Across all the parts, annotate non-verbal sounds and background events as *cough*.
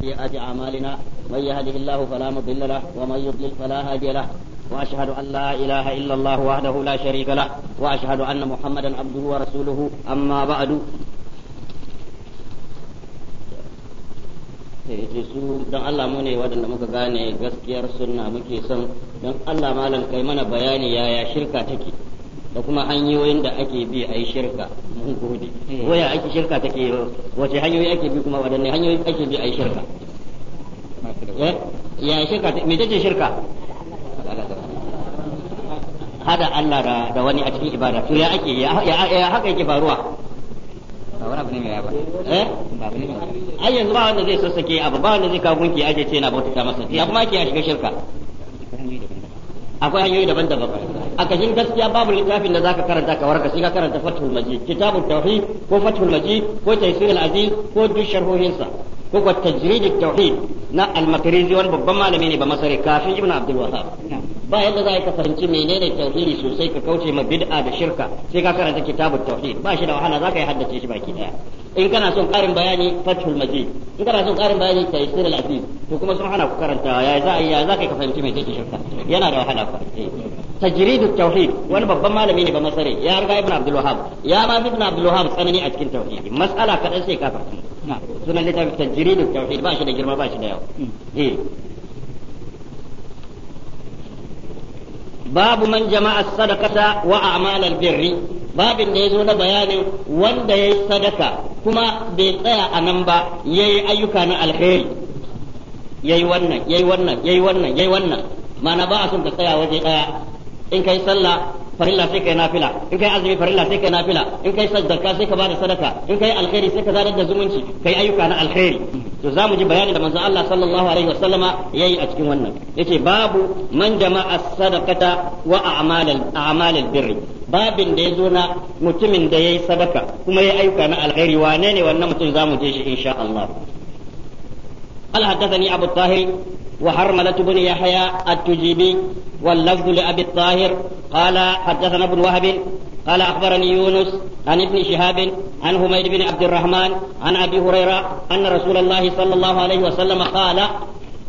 سيئات أعمالنا من يهده الله فلا مضل له ومن يضلل فلا هادي له وأشهد أن لا إله إلا الله وحده لا شريك له وأشهد أن محمدا عبده ورسوله أما بعد ce su don Allah mu ne waɗanda muka gane gaskiyar sunna muke son don Allah malam kai mana bayani yaya shirka take da kuma hanyoyin da ake bi a yi shirka zuhudi hmm. waya ake shirka take yi wace hanyoyi ake bi kuma wadanne hanyoyi ake bi a yi shirka eh? ya shirka me take shirka hada Allah da wani a cikin ibada to ya ake ya haka yake faruwa ba wani abu ne mai ya eh ba abu ne mai ai yanzu ba wanda zai sassake abu ba wanda zai kawo gunki aje ce na bauta masa ya kuma ake ya shiga shirka akwai hanyoyi daban-daban a kashin gaskiya babu littafin da zaka karanta ka warka sai ka karanta fathul majid kitabut tauhid ko fathul majid ko taysir al aziz ko duk sharhohin sa ko ko tajrid tauhid na al makrizi wani babban malami ne ba masari kafin ibn abdul wahhab ba yadda za ka fahimci menene tauhidi sosai ka kauce ma bid'a da shirka sai ka karanta kitabut tauhid ba shi da wahala zaka yi haddace shi baki daya in kana son karin bayani fathul majid in kana son karin bayani ta yasir al aziz to kuma sun hana ku karanta ya za ya za kai ka fahimci me take shirka yana da wahala fa tajridut tauhid wani babban malami ne ba masare ya riga ibn abdul wahhab ya ma ibn abdul wahhab tsanani a cikin tauhid mas'ala kadan sai ka fahimci sunan littafin tajridut tauhid ba shi da girma ba shi da yawa eh babu man jama'a sadaqata wa a'malal birri babin da zo na bayanin wanda yayi sadaka kuma bai tsaya a nan ba yayi ayyuka na alheri yayi wannan yayi wannan yayi wannan wannan mana ba a son ka tsaya waje daya in kai sallah farilla sai kai nafila in kai azumi farilla sai kai nafila in kai sadaka sai ka bada sadaka in kai alkhairi sai ka zadar da zumunci kai ayyuka na alkhairi to zamu ji bayani da manzon Allah sallallahu alaihi wasallama yayi a cikin wannan yace babu man jama'a sadaqata wa a'malal a'malal birri babin da yazo na mutumin da yayi sadaka kuma yayi ayyuka na alkhairi wane ne wannan mutum zamu je shi insha Allah قال حدثني أبو الطاهر وحرملة بن يحيى التجيبي واللفظ لأبي الطاهر قال حدثنا ابن وهب قال أخبرني يونس عن ابن شهاب عن حميد بن عبد الرحمن عن أبي هريرة أن رسول الله صلى الله عليه وسلم قال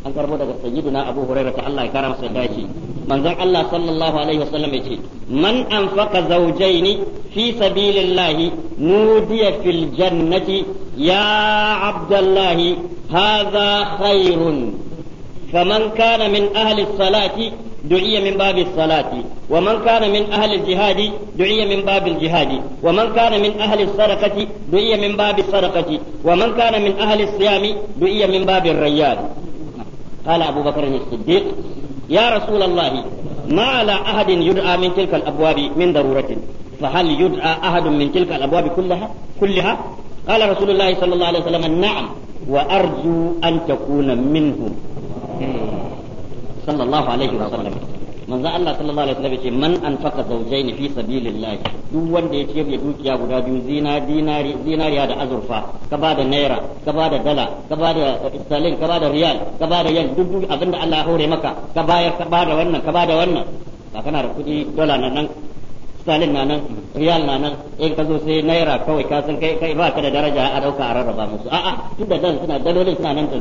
أنكر سيدنا أبو هريرة الله كرم سيداتي manzon Allah sallallahu alaihi wasallam ya ce man anfaqa zawjaini fi sabilillahi nudiya fil jannati ya abdallahi hadha khairun faman kana min ahli salati du'iya min babi salati wa man kana min ahli jihadi du'iya min babi jihadi wa man kana min ahli sadaqati du'iya min babi sadaqati wa man kana min ahli siyami du'iya min babi riyad qala abubakar as-siddiq ya rasulullahi ma ala ahadin yud'a min tilka abwabi min daruratin fa hal yud'a ahadun min tilka abwabi kullaha kullaha qala rasulullahi sallallahu alaihi wasallam na'am wa arju an takuna minhum hmm. sallallahu alaihi wasallam manzo Allah sallallahu alaihi wasallam ce man anfaqa zawjaini fi sabilillah duk wanda ya ce bai dukiya guda biyu zina dinari zinariya da azurfa ka bada naira ka bada dala ka bada sterling ka bada riyal ka bada yan duk abinda Allah ya hore maka ka bayar ka bada wannan ka bada wannan ba kana da kuɗi dala na nan sterling na nan riyal na nan in ka zo sai naira kawai ka san kai kai ba ka da daraja a dauka a rarraba musu a'a tun da dan suna dalolin suna nan da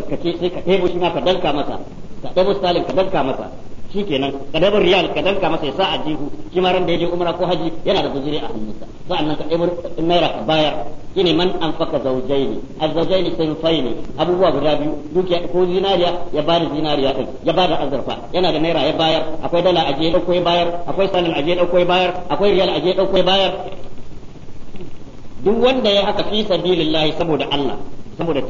kaskace sai ka ɗebo shi ma ka danka masa ka ɗebo sterling ka danka masa nan ka dabar riyal ka danka masa ya sa jihu shi ma ran da yaje umra ko haji yana da guzuri a hannunsa sa'annan ka dabar naira ka bayar shine man anfaka zawjaini azwajaini sayfaini abubuwa guda biyu ya ko zinariya ya bada zinariya din ya bada azurfa yana da naira ya bayar akwai dala aje ya dauko ya bayar akwai salin aje ya dauko ya bayar akwai riyal aje ya dauko ya bayar duk wanda ya haka fi sabilillahi saboda Allah saboda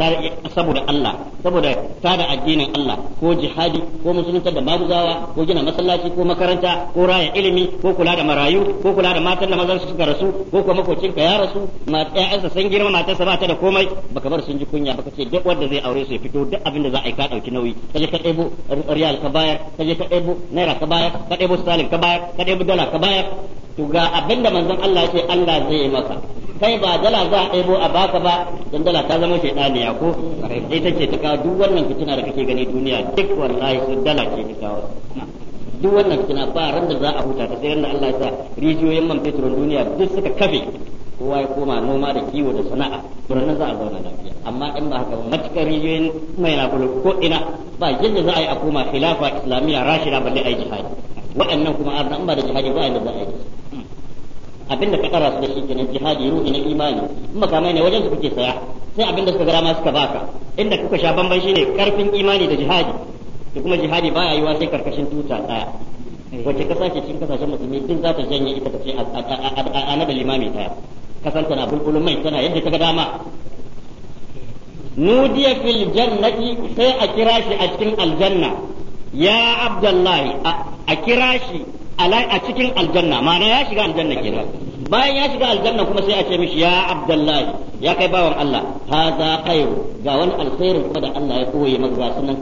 saboda Allah saboda tada addinin Allah ko jihadi ko musulunta da maguzawa ko gina masallaci ko makaranta ko raya ilimi ko kula da marayu ko kula da matan da mazan su suka rasu ko kuma makocin ka ya rasu ƴaƴansa san girma matarsa ba ta da komai baka bar sun ji kunya baka ce duk wanda zai aure su ya fito duk abin da za a yi ka dauki nauyi kaje ka ɗebo riyal ka bayar kaje ka ɗebo naira ka bayar ka ɗebo salin ka bayar ka ɗebo dala ka bayar to ga abinda manzon Allah ya ce Allah zai yi maka kai ba dala za a ɗebo a baka ba don dala ta zama niya ko ita ce ta kawo duk wannan fitina da kake gani duniya duk wallahi su dala ce ta kawo duk wannan fitina ba ran da za a huta ta sai ran da Allah ya sa rijiyoyin man fetur duniya duk suka kafe kowa ya koma noma da kiwo da sana'a birnin za a zauna lafiya amma in ba haka matukar rijiyoyin mai na ko ina ba yadda za a yi a koma khilafa islamiyya rashida balle a yi jihadi waɗannan kuma arna in ba da jihadi ba yadda za a yi abin da ka kara su da shi kenan jihadi ruhi na imani in makamai ne wajen su kuke saya sai abin da suka gara ma suka baka inda kuka sha bamban shine karfin imani da jihadi da kuma jihadi baya yiwa sai karkashin tuta daya wace kasa ce cikin kasashen musulmi din za ta janye ita ta ce a da limami ta kasan tana bulbulun mai tana yadda ta ga dama nudiya fil jannati sai a kira shi a cikin aljanna ya abdullahi a kira shi a cikin aljanna ma'ana ya shiga aljanna kenan bayan ya shiga aljanna kuma sai a ce mishi ya abdullahi ya kai bawan Allah haza khairu ga wani alkhairin kuma da Allah ya koye maka ga sunan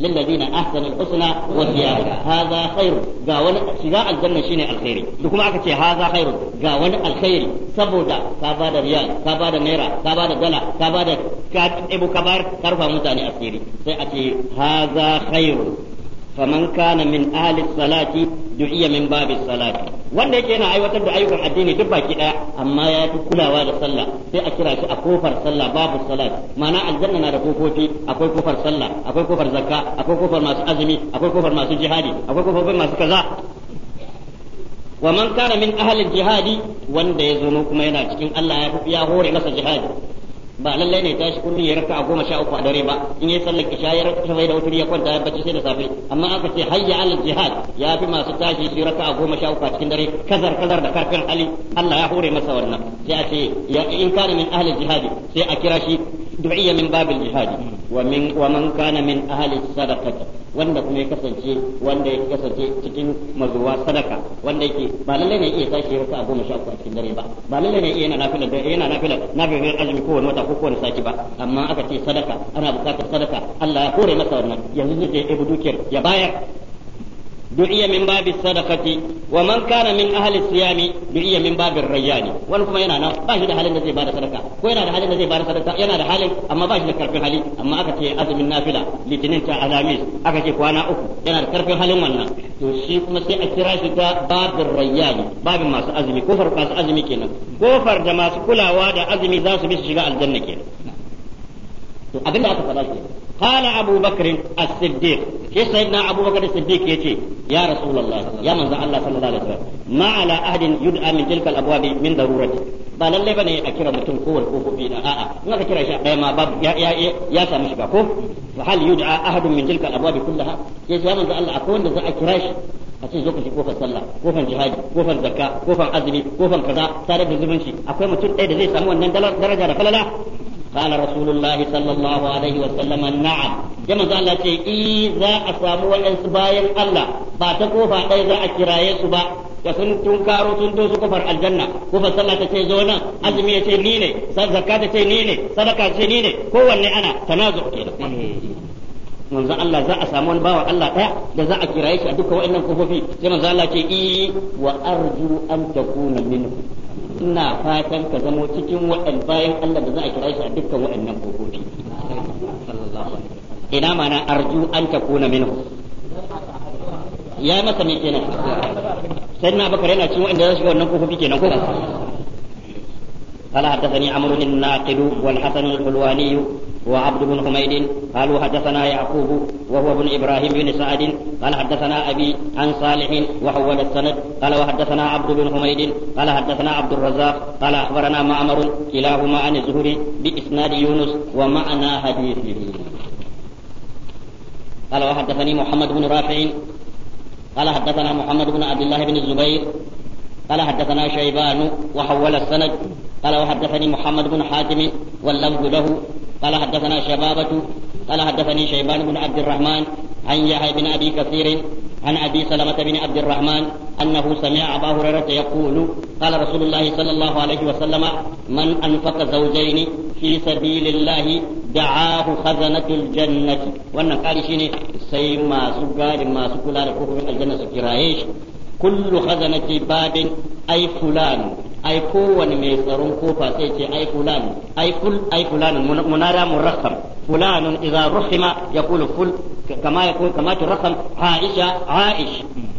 للذين احسنوا الحسنى وزياده هذا خير غاون شجاع الجنه شيني الخير kuma aka ce هذا خير غاون alkhairi saboda ka bada riyal ka bada naira ka bada dala ka bada ka ibu kabar karfa mutane asiri sai a ce هذا خير faman kana min ahli salati du'iya min babi salati wanda yake yana aiwatar da ayyukan addini duk baki daya amma ya fi kulawa da sallah sai a kira shi a kofar sallah babu salat ma'ana aljanna na da kofofi akwai kofar sallah akwai kofar zakka akwai kofar masu azumi akwai kofar masu jihadi akwai kofofin masu kaza wa man kana min ahli jihadi wanda ya zo kuma yana cikin Allah ya hore masa jihadi ba lallai ne tashi kullum ya raka a goma sha uku a dare ba in ya sallar isha ya da wutar ya kwanta ya bacci sai da safe amma aka ce hayya ala jihad ya fi masu tashi su raka a goma sha uku a cikin dare kazar kazar da karfin hali Allah ya hore masa wannan sai a ce in kana min ahli jihad sai a kira shi du'iya من باب الجهاد ومن ومن كان من kana min wanda kuma ya kasance wanda ya kasance cikin mazuwa sadaka wanda yake ba lalle ne iya sake rasa a goma sha uku a cikin dare ba ba lalle ne iya yana nafila da yana nafila nafilin azumi kowane wata ko kowane sati ba amma aka ce sadaka ana bukatar sadaka Allah ya kore masa wannan yanzu zai je ya dukiyar ya bayar du'iya min babis sadaqati wa man kana min ahli siyami du'iya min babir rayyani wani kuma yana nan ba shi da halin da zai bada sadaka ko yana da halin da zai bada sadaka yana da halin amma ba shi da karfin hali amma aka ce azumin nafila litinin ta alhamis aka ce kwana uku yana da karfin halin wannan to shi kuma sai a kira shi ta babir rayyani babin masu azumi kofar masu azumi kenan kofar da masu kulawa da azumi za su bi su shiga aljanna kenan to abinda aka faɗa kenan qala abu bakr as-siddiq shi sayyidina abu bakr as-siddiq yace ya rasulullah ya manzo Allah sallallahu alaihi wasallam ma ala ahadin yud'a min tilka al min darurati ba lalle bane a kira mutum ko wal kofofi da a'a in aka kira shi daya ma babu ya ya ya samu shiga ko fa hal yud'a ahadun min tilka al-abwab kullaha sai ya manzo Allah akwai wanda a kira shi a ce zo kofar sallah kofar jihadi kofar zakka kofar azumi kofar kaza tare da zumunci akwai mutum ɗaya da zai samu wannan daraja da falala قال رسول الله صلى الله عليه وسلم نعم جمع الله تي إذا أصابوا الإنسباين الله باتكو فأي ذا أكراي سبا وسن تنكارو تندو سكفر الجنة كوفا صلى تي زونا أزمي تي نيني زكاة تي نيني صدقة تي نيني كواني أنا تنازع manzo Allah za a samu wani bawa Allah daya da za a kiraye shi a duka wa'annan kofofi sai manzo Allah ce i wa arju an takuna minhu ina fatan ka zamo cikin waɗan bayan Allah da za a kira shi a dukkan waɗannan kofofi ina mana arju an takuna minhu ya masa ne kenan sai na bakar yana cikin waɗanda za su ga wannan kofofi kenan ko قال حدثني عمرو الناقد والحسن الحلواني وعبد بن حميد قالوا حدثنا يعقوب وهو ابن ابراهيم بن سعد قال حدثنا ابي عن صالح وحول السند قال وحدثنا عبد بن حميد قال حدثنا عبد الرزاق قال اخبرنا معمر كلاهما عن الزهري باسناد يونس ومعنى حديثه قال وحدثني محمد بن رافع قال حدثنا محمد بن عبد الله بن الزبير قال حدثنا شيبان وحول السند قال وحدثني محمد بن حاتم واللفظ له قال حدثنا شبابة قال حدثني شيبان بن عبد الرحمن عن يحيى بن أبي كثير عن أبي سلمة بن عبد الرحمن أنه سمع أبا هريرة يقول قال رسول الله صلى الله عليه وسلم من أنفق زوجين في سبيل الله دعاه خزنة الجنة وأن قال شيني سيما سجاد ما سكلا لكفر الجنة سكرايش كل خزنة باب أي فلان أي كون ميسرون كوفا سيتي أي فلان أي كل أي فلان منارا مرخم فلان إذا رخم يقول فل كما يقول كما ترخم عائشة عائش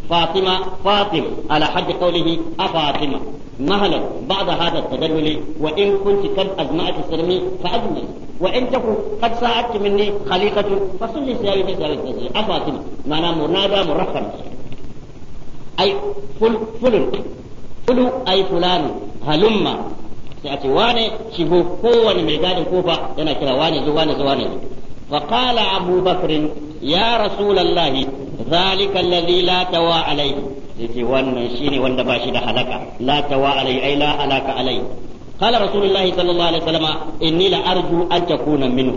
فاطمة فاطم على حد قوله أفاطمة مهلا بعد هذا التدلل وإن كنت قد أجمعت سلمي فأجمل وإن تكن قد ساعدت مني خليقة فصلي سيابي سيابي سيابي أفاطمة معناه منادى مرخم ai ful fulun fulu ai fulani halumma sai a ce wane shigo kowane mai gadin kofa yana kira wane zo wane zo wane ya rasulullahi zalika alladhi la tawa alayhi yace wannan shine wanda ba shi da halaka la tawa alayhi ai la halaka قال رسول الله صلى الله عليه وسلم إني لأرجو أن تكون منه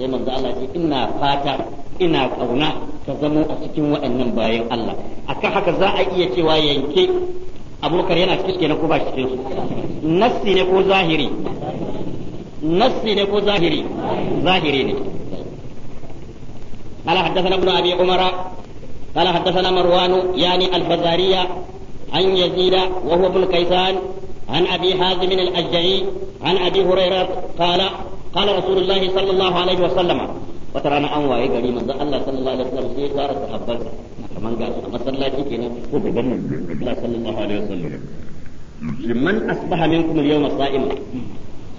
sai manzo Allah ce ina fata ina kauna ka zamo a cikin waɗannan bayan Allah akan haka za a iya cewa yanke abubakar yana cikin kenan ko ba cikin su nassi ne ko zahiri nassi ne ko zahiri zahiri ne قال حدثنا ابن ابي عمر قال حدثنا مروان يعني الفزارية عن يزيد وهو ابن كيسان عن ابي حازم الاشجعي عن ابي هريره قال qala rasulullahi sallallahu alaihi wasallama wata rana an waye gari manzon Allah sallallahu alaihi wasallam sai ya tara a kaman ga su a masallaci kenan ko gaban Allah sallallahu alaihi wasallam liman asbaha minkum al-yawma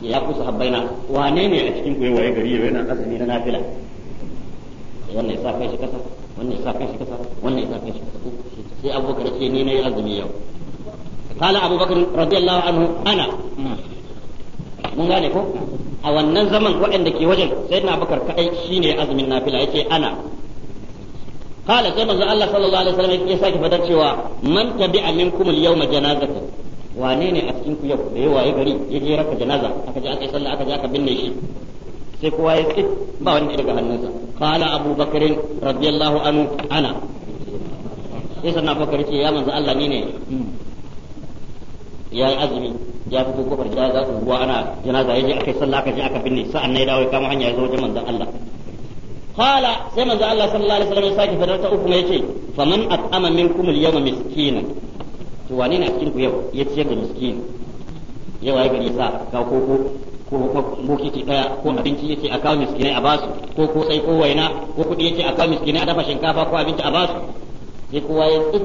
ya ku sahabbaina wane ne a cikin ku ya gari yana azumi na nafila wannan ya sa kai shi kasa wannan ya sa kai shi kasa wannan ya sa kai shi kasa sai abubakar ce ni ne azumi yau قال أبو بكر رضي الله عنه أنا من a wannan zaman waɗanda ke wajen sai na bakar kaɗai shi ne azumin nafila yake ana kala sai manzo Allah sallallahu alaihi wasallam ya sake fadar cewa man tabi'a minkum al-yawma janazatan wane ne a cikin ku yau da yawa ya gari ya je raka janaza aka je aka yi sallah aka je aka binne shi sai kowa ya tsit ba wanda daga hannunsa kala Abu Bakr radiyallahu anhu ana sai sannan Bakar ce ya manzo Allah ni ne hmm. yayi azumi ya fito kofar gida ya su ruwa ana janaza aka yi sallah aka je aka binne sa'an nan ya dawo ya kama hanya ya zo wajen manzon Allah qala sai manzon Allah sallallahu alaihi wasallam ya sake fadar ta uku yace faman at'ama minkum al-yawma miskinan to wane ne a cikin ku yau ya ciyar da miskin yau ai gari sa ga koko ko bokiti daya ko abinci yace a kawo miskinai a basu ko ko sai ko waina ko kudi yace a kawo miskinai a dafa shinkafa ko abinci a basu sai kowa ya tsik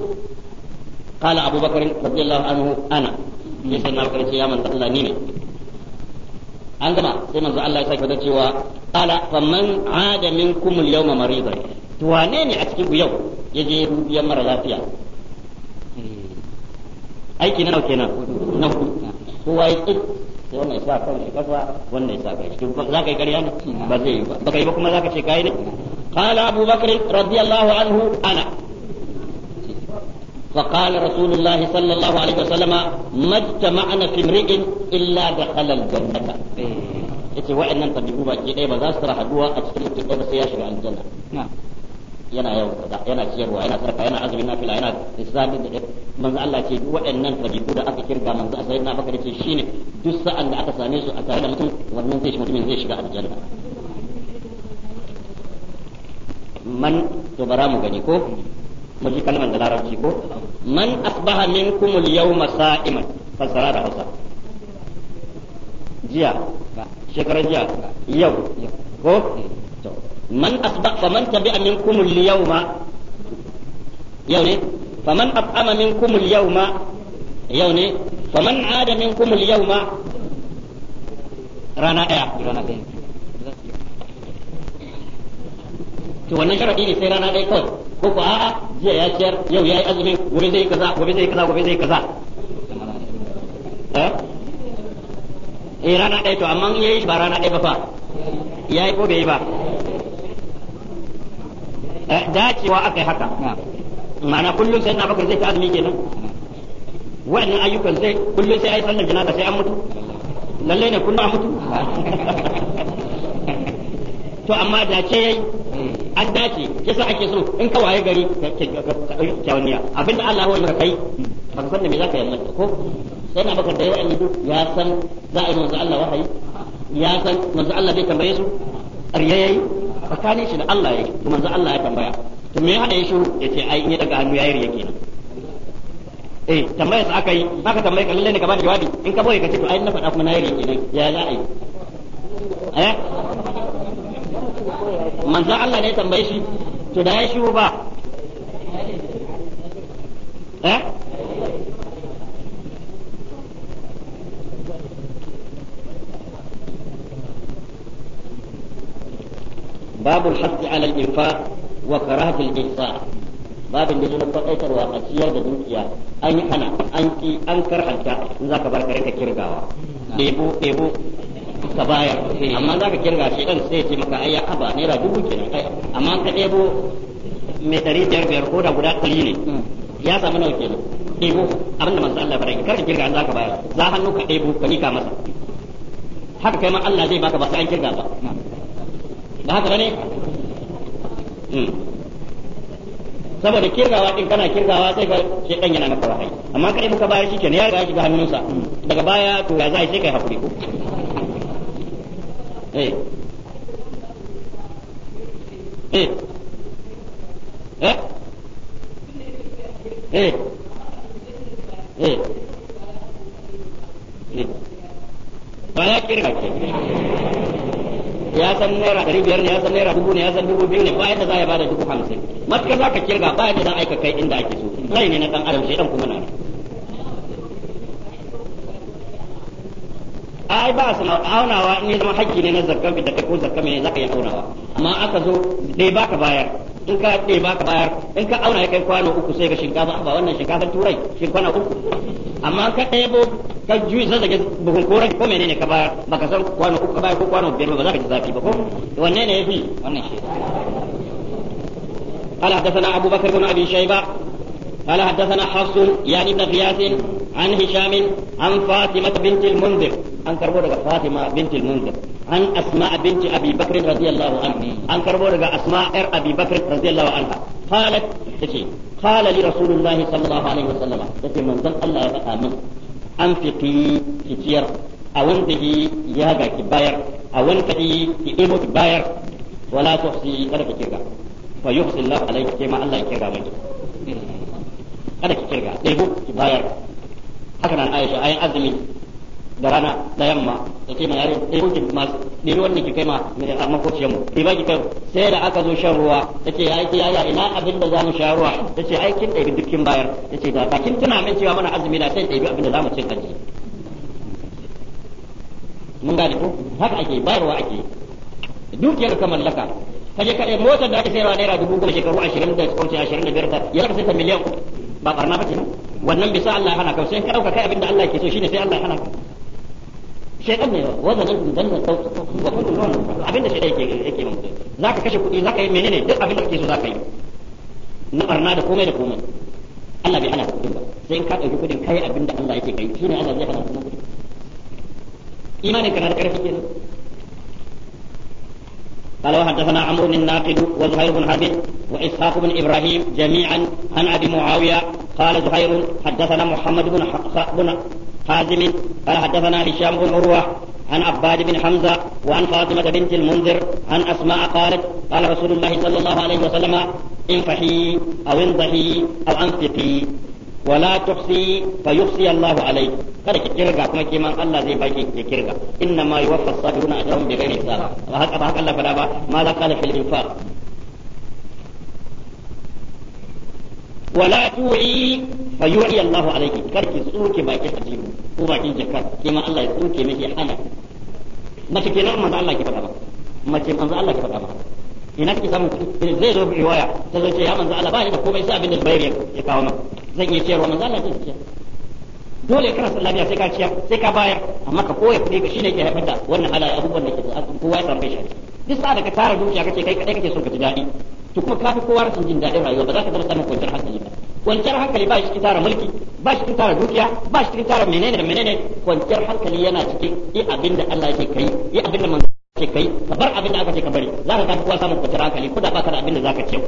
قال abubakar بكر رضي الله عنه sai sai na bakar ce ya manzo Allah ni ne an gama sai manzo Allah ya sake da cewa qala faman ada minkum al-yawma maridan to wane ne a cikin ku yau je rubiyan mara lafiya hmm. aiki na nauke na na ku kowa ya tsit sai wannan sa kan shi kasa wannan sa kai shi za ka yi ƙarya ne ba zai yi ba ba kai ba kuma za ka ce kai ne qala abubakar radiyallahu anhu ana فقال رسول الله صلى الله عليه وسلم ما اجتمعنا في امرئ إلا دخل الجنة yace wa'annan tabi'u baki ɗaya ba za su tara rahaduwa a cikin mutum ɗaya ba sai ya shiga aljanna yana yau yana ciyarwa yana sarfa yana azumin fila yana lissafi da manzo Allah ce duk waɗannan tabi'u da aka kirga manzo Allah na baka ce shine duk sa'an da aka same su a tare da mutum wannan zai mutumin zai shiga aljanna man to bara mu gani ko mu ji kalmar da larabci ko man asbaha minkum al-yawma sa'iman fasara da hausa jiya shekarar jiya yau ko to man asba fa man tabi'a minkum al-yawma yau ne fa man at'ama minkum al-yawma yau ne fa man 'ada minkum al-yawma rana daya rana daya to wannan sharadi ne sai rana ɗaya kawai ko ko a'a jiya ya ciyar yau ya yi azumi gobe zai kaza gobe zai kaza gobe zai kaza eh? eh rana ɗaya to amma in yayi ba rana ɗaya ba fa yayi ko bai yi ba eh, dacewa akai haka ma'ana kullum sai na bakar zai ta azumi kenan wannan ayyukan sai kullum sai ai sallar janaza sai an mutu lallai ne kullum an mutu *laughs* to amma da ce yayi an dace yasa ake so in ka waye gari ka kyawun niyya abinda Allah ya maka kai ba ka san da me ka yamma ko sai na baka da yawa an ya san za a yi manzo Allah wahayi ya san manzo Allah bai tambaye su ƙarya yayi tsakanin shi da Allah yayi manzo Allah ya tambaya to me ya hada shi ce ai in ya daga hannu yayi riya kenan eh tambaya sa aka yi ka tambaye ka lalle ne ka da jawabi in ka boye ka ce to ai na faɗa kuma na yi riya kenan ya za a yi eh manzon Allah ne tambaye shi to da ya shiru ba eh باب الحث على الإنفاق وكراهة الإنفاق باب اللي يقول لك أيتر وأسير دوكيا أن يحنى أنكي أنكر حتى إذا كبر كريك كيرغاوا ديبو ديبو ka bayar eh. amma za ka kirga shi ɗan sai ce maka ayya haba naira dubu kenan amma ka ɗebo mai ɗari biyar biyar ko da guda ɗari ne hmm. ya samu nawa kenan ɗebo abinda manzo Allah fara kar ka kirga za ka bayar za hannu ka ɗebo ka mika masa haka kai ma Allah zai baka ba sai an kirga ba ba haka bane hmm. saboda kirgawa din kana kirgawa sai ka ce dan yana maka wahayi amma kai muka bayar shi kenan ya ga shi ga hannunsa hmm. daga baya to ya za sai kai hakuri ko eh eh eh, eh. eh. eh. ba ke ya san naira ɗari biyar ne ya san naira dubu ne ya san dubu biyu ne ba yadda za ya bada dubu hamsin matka za ka kirga ba yadda za a aika kai inda ake so Zai ne na ɗan adam shi ɗan kuma na ne ai ba su aunawa in ya zama hakki ne na zakka da da ko zakka mai zaka yi aunawa amma aka zo dai baka bayar in ka dai baka bayar in ka auna ya kai kwano uku sai ka shinkafa ba wannan shinkafa turai shinkwana uku amma ka bo ka juyi zage buhun koran ko menene ka bayar baka san kwano uku ka bayar ko kwano biyar ba za ka ji zafi ba ko wanne ne yafi wannan shi قال حدثنا أبو بكر بن أبي شيبة قال حدثنا حفص يعني ابن غياث عن هشام عن فاطمة بنت المنذر an karbo daga Fatima bintul Munzir an Asma binti Abi Bakr radiyallahu anhu. an karbo daga Asma yar Abi Bakr radiyallahu anha qalat tace qala li rasulullahi sallallahu alaihi wasallam tace manzon Allah ya faɗa min anfiqi kiciyar a wanda yi ya ga ki bayar a wanda yi ki ebo ki bayar wala tuhsi kada ki kirga fa yuhsi Allah alaiki ke ma Allah ya kirga miki kada ki kirga ɗebo ki bayar haka nan Aisha ayin azumi da rana da yamma da ce mai yaro ɗaya kuki masu ɗaya wannan ki kai ma a makociyar mu ɗaya ki kai sai da aka zo shan ruwa yace ya yi yaya ina abin da zamu sha ruwa yace ai kin da dukkin bayar yace ce da bakin tuna min cewa mana azumi na sai ɗaya abin da zamu mu cin kanji mun gane ko haka ake bayarwa ake dukiyar ka mallaka ka je motar da ake sayarwa naira dubu goma shekaru ashirin da kwanci ashirin da biyar ta ya sai ta miliyan ba ɓarna ba ce wannan bisa Allah ya hana ka sai ka ɗauka kai abin da Allah ke so shine sai Allah ya hana ka shaitan ne wazanin zannin sauki abin da shaitan yake mutum za ka kashe kuɗi za ka yi menene duk abin da kake so za ka yi na barna da komai da komai Allah bai hana ka kuɗin ba sai in ka ɗauki kuɗin kai abin da Allah yake kai shine Allah zai hana ka kuɗi imanin kana da ƙarfi kenan قال وحدثنا عمرو الناقد وزهير بن حبيب واسحاق بن ابراهيم جميعا عن ابي معاويه قال زهير حدثنا محمد بن حازم قال حدثنا هشام بن عروة عن عباد بن حمزة وعن فاطمة بنت المنذر عن أسماء قالت قال رسول الله صلى الله عليه وسلم انفحي أو انضحي أو أنفقي ولا تحصي فيحصي الله عليك قال كيرغا كما كيما الله زي باكي كيرغا انما يوفى الصابرون اجرهم بغير حساب وهكذا ajrahum bighairi hisab ba haka في الانفاق wala tu'i fa yu'i Allahu alayki karki tsuke bakin ajibu ko bakin jakar ke Allah ya tsuke miki mace manzo Allah ba mace manzo Allah ba ina samu eh, zai zo riwaya ta ce ya manzo Allah ba komai sai abin da ya kawo zan cewa manzo Allah dole ka san lafiya sai ka ciya sai ka bayar amma ka koya kuɗi ka shine ke haifar wannan ala abubuwan da ke kowa ya san bai shi duk sa da ka tara dukiya kace kai kadai kake so ka ji daɗi to kuma ka fi kowa rashin jin daɗin rayuwa ba za ka zama samun kwanciyar hankali ba kwanciyar hankali ba shi cikin tara mulki ba shi cikin tara dukiya ba shi cikin tara menene da menene kwanciyar hankali yana cikin yi abin da Allah yake kai yi abin da manzo yake kai ka bar abin da aka ce ka bari za ka kafi kowa samun kwanciyar hankali ko da ba ka da abin da za ka ce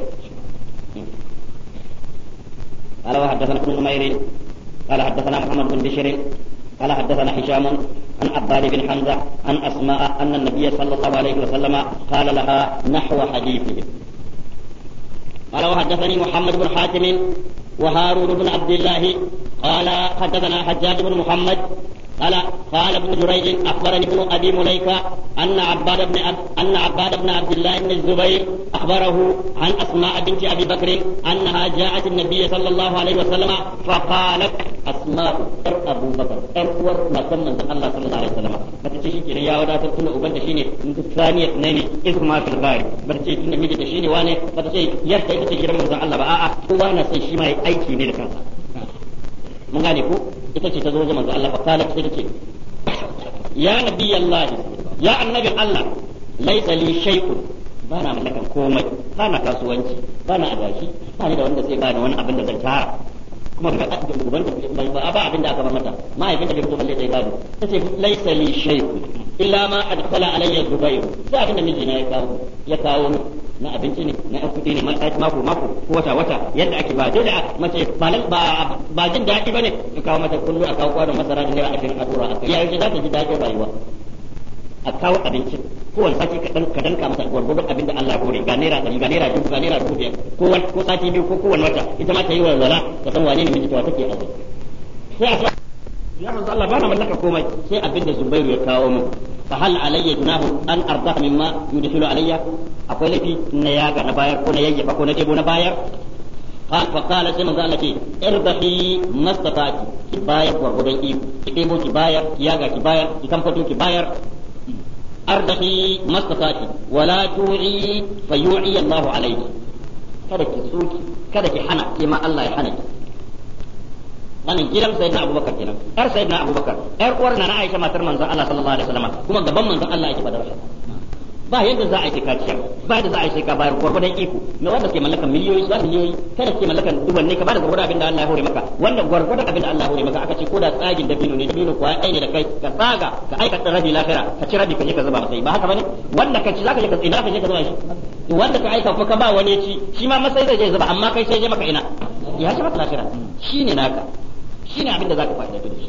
قال وحدثنا ابن نمير قال حدثنا محمد بن بشير قال حدثنا هشام عن عباد بن حمزه عن اسماء ان النبي صلى الله عليه وسلم قال لها نحو حديثهم قال وحدثني محمد بن حاتم وهارون بن عبد الله قال حدثنا حجاج بن محمد قال قال ابن جريج اخبرني ابن ابي مليكه ان عباد بن أب... ان عباد بن عبد الله بن الزبير اخبره عن اسماء بنت ابي بكر انها جاءت النبي صلى الله عليه وسلم فقالت اسماء ار ابو بكر ار ور ما كان من الله صلى الله عليه وسلم بتجي شي كده يا ودا تكون ابن ده شيني ثانيه اثنين اسماء في الغار بتجي تن ميجي ده شيني واني بتجي يرتا تجي من الله بقى هو انا سي شي ما ايكي ne da kansa mun gane ko ita ce ta zo wajen manzo Allah fa kala sai ce ya nabi Allah ya annabi Allah laisa li shay'un ba na mallakan komai ba na kasuwanci ba na adashi ba ni da wanda sai ba ni wani abin da zan tara kuma ba ba ba abin da aka bar mata mahaifinta bai fito balle ta yi gado ta ce laisa li shayku illa ma adkhala alayya zubair sai abin da na ya kawo ya kawo na abinci ne na yan ne mako mako ko wata wata yadda ake ba dole a mace ba ba ba jin daɗi bane ka kawo mata kullu a kawo kwanon masara da ne ashirin a tura a kai yi za ta ji daɗin rayuwa a kawo abinci kowane sati ka danka masa gwargwadon abin da Allah dubu biyar ko sati biyu ko kowane wata ita ma ta yi walwala ka san wane ne miji ta take sai a ya manzo Allah bana mallaka komai sai abin da Zubairu ya kawo mu fa hal alayya junahu an arda mimma yudkhilu alayya akwai laifi na yaga na bayar ko na yayyafa ko na debo na bayar أرضه ما استطعت ولا توعي فيوعي الله عليك kada ki soki kada ki hana ke Allah ya hana ki wannan gidan sayyidina Abubakar kenan yar Abubakar yar uwar na Aisha matar manzon Allah sallallahu alaihi wasallam kuma gaban manzon Allah yake badar ba yadda za a yi ka ba yadda za a yi ka bayar gwargwadon iko na wanda ke mallakan miliyoyi za miliyoyi kada ke mallakan dubanne ka bada gwargwadon abin da Allah ya hore maka wanda gwargwadon abin da Allah ya hore maka aka ce ko da tsagin da bino ne da bino kuwa ai ne da kai ka tsaga ka aikata rabi lafira ka ci rabi ka je ka zuba masai ba haka bane wanda ka ci zaka je ka ina ka je ka zuba shi wanda ka aika ko ka ba wani ci shi ma masai zai je zuba amma kai sai je maka ina ya ci maka lafira shine naka shine abin da zaka fa'ida da shi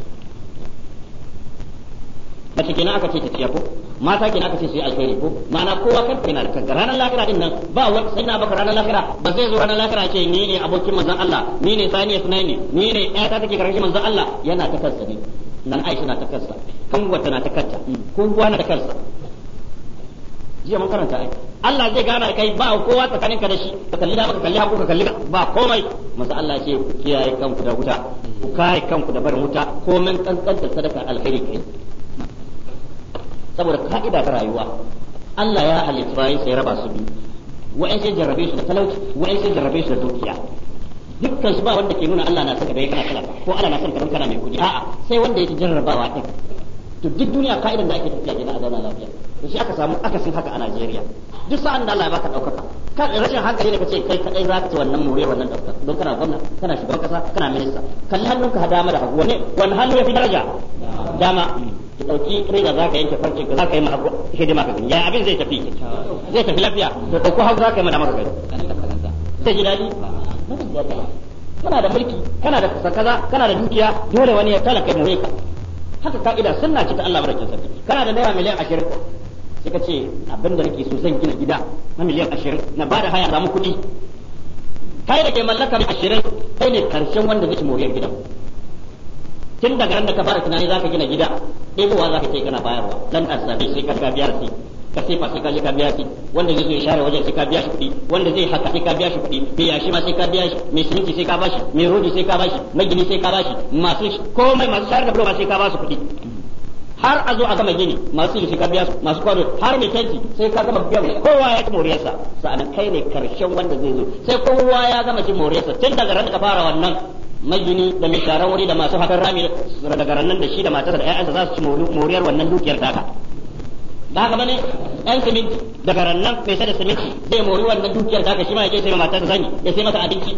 mace kenan aka ce ta ciya ko mata kenan aka ce su yi alkhairi ko ma'ana kowa kan na da kanka ranar lahira din nan ba wani sai na baka ranar lahira ba zai zo ranar lahira ce ni ne abokin manzon Allah ni ne sani ya sunai ne ni ne ta take karkashin manzon Allah yana ta kansa ne nan Aisha na ta kansa kan wata na ta kanta mm, kowa na ta kansa jiya mun karanta ai Allah zai gana kai ba kowa tsakaninka da shi ka kalli da ka kalli hagu ka kalli ba komai masa Allah ce kiyaye kanku da wuta ku kare kanku da barin wuta komai kankanta sadaka alkhairi kai saboda ka'ida ta rayuwa Allah ya halitta bayan sai raba su biyu wa'in sai jarrabe su da talauci wa'in sai jarrabe su da dukiya dukkan su ba wanda ke nuna Allah na son ka bai kana talaka ko Allah na son ka kana mai kuɗi a'a sai wanda yake jarrabawa din to duk duniya ka'idan da ake tafiya kenan a zauna lafiya to shi aka samu akasin haka a Najeriya duk sa'an da Allah ya baka daukaka kan rashin hankali ne kace kai kadai ka ci wannan more wannan daukar don kana gwamna kana shugaban kasa kana minista kalli hannunka dama da hagu ne wani hannu ya fi daraja dama ki dauki reza yanke farce ka zaka yi ma hidima ka ya abin zai tafi zai tafi lafiya to dauko hau zaka yi ma damar gari ji dadi kana da mulki kana da kaza kana da dukiya dole wani ya talaka mu ka haka ka'ida sunna ce ta Allah barakin sarki kana da naira miliyan 20 sai ka ce abin da nake so zan gina gida na miliyan 20 na bada haya samu kuɗi kai da ke mallaka 20 kai ne karshen wanda zai moriyar gidan tun daga ran da ka fara tunani zaka gina gida ɗebowa zaka kai kana bayarwa dan asabi sai ka biya shi ka sai fa sai ka ka biya shi wanda zai zo share wajen sai ka biya shi kuɗi wanda zai haka sai ka biya shi kuɗi mai yashi ma sai ka biya shi mai siminti sai ka bashi mai rodi sai ka bashi magini sai ka bashi masu komai masu share da ma sai ka basu kuɗi har a zo a gama gini masu yi ka biya masu kwado har mai tanki sai ka gama biya kowa ya ci moriyarsa sa'an kai ne karshen wanda zai zo sai kowa ya gama ci moriyarsa tun daga ran ka fara wannan majini da mai sharan wuri da masu hakan rami daga rannan da shi da matarsa da ƴaƴansa za su ci moriyar wannan dukiyar taka ba haka bane ɗan siminti daga rannan mai sai da siminti zai mori wannan dukiyar taka shi ma yake sai matarsa zanyi ya sai masa abinci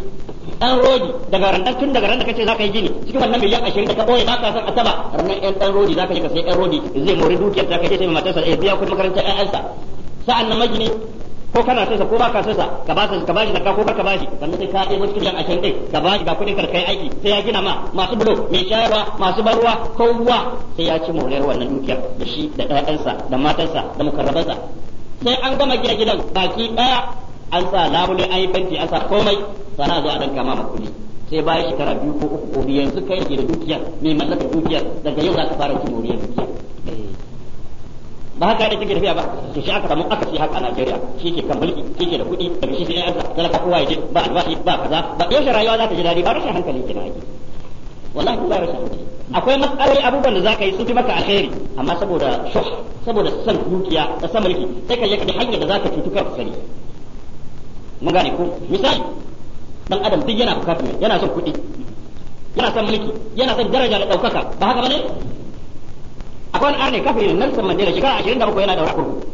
ɗan rodi daga rannan tun daga rannan kace za ka yi gini cikin wannan miliyan ashirin da ka boye ka san asaba ranar ɗan ɗan rodi ka yi ka sai ɗan rodi zai mori dukiyar taka sai matarsa ya biya kuɗin makarantar ƴaƴansa sa'an nan majini ko kana son sa ko baka son sa ka ba ka ba shi zakka ko ka ba shi sannan sai ka ɗebo cikin a can kai ka ba shi ga kuɗin karkai aiki sai ya gina ma masu bulo mai shayarwa masu barwa kowa sai ya ci moriyar wannan dukiyar da shi da ɗayansa da matarsa da mukarrabansa sai an gama gina gidan baki ɗaya an sa labule an yi fenti an sa komai sana zo dan kama ma kudi sai bayan shekara biyu ko uku ko yanzu kai ke da dukiyar mai mallakar dukiyar daga yau za ka fara ci moriyar dukiyar ba haka da take tafiya ba to shi aka samu aka shi haka a Najeriya shi ke kan mulki shi ke da kuɗi daga shi sai an tsara talaka kowa ya je ba albashi ba kaza ba yaushe rayuwa za ta ji daɗi ba rashin hankali ke nake wallahi ba rashin hankali akwai matsaloli abubuwan da za ka yi su fi maka alheri amma saboda shuh saboda san dukiya da san mulki sai ka je hanyar da za ka cutu kanka sani mun gane ko misali dan adam duk yana bukatar yana son kuɗi yana son mulki yana son daraja da ɗaukaka ba haka ba ne akwai wani arne kafin Nelson Mandela shekara ashirin da bakwai yana da kurkuku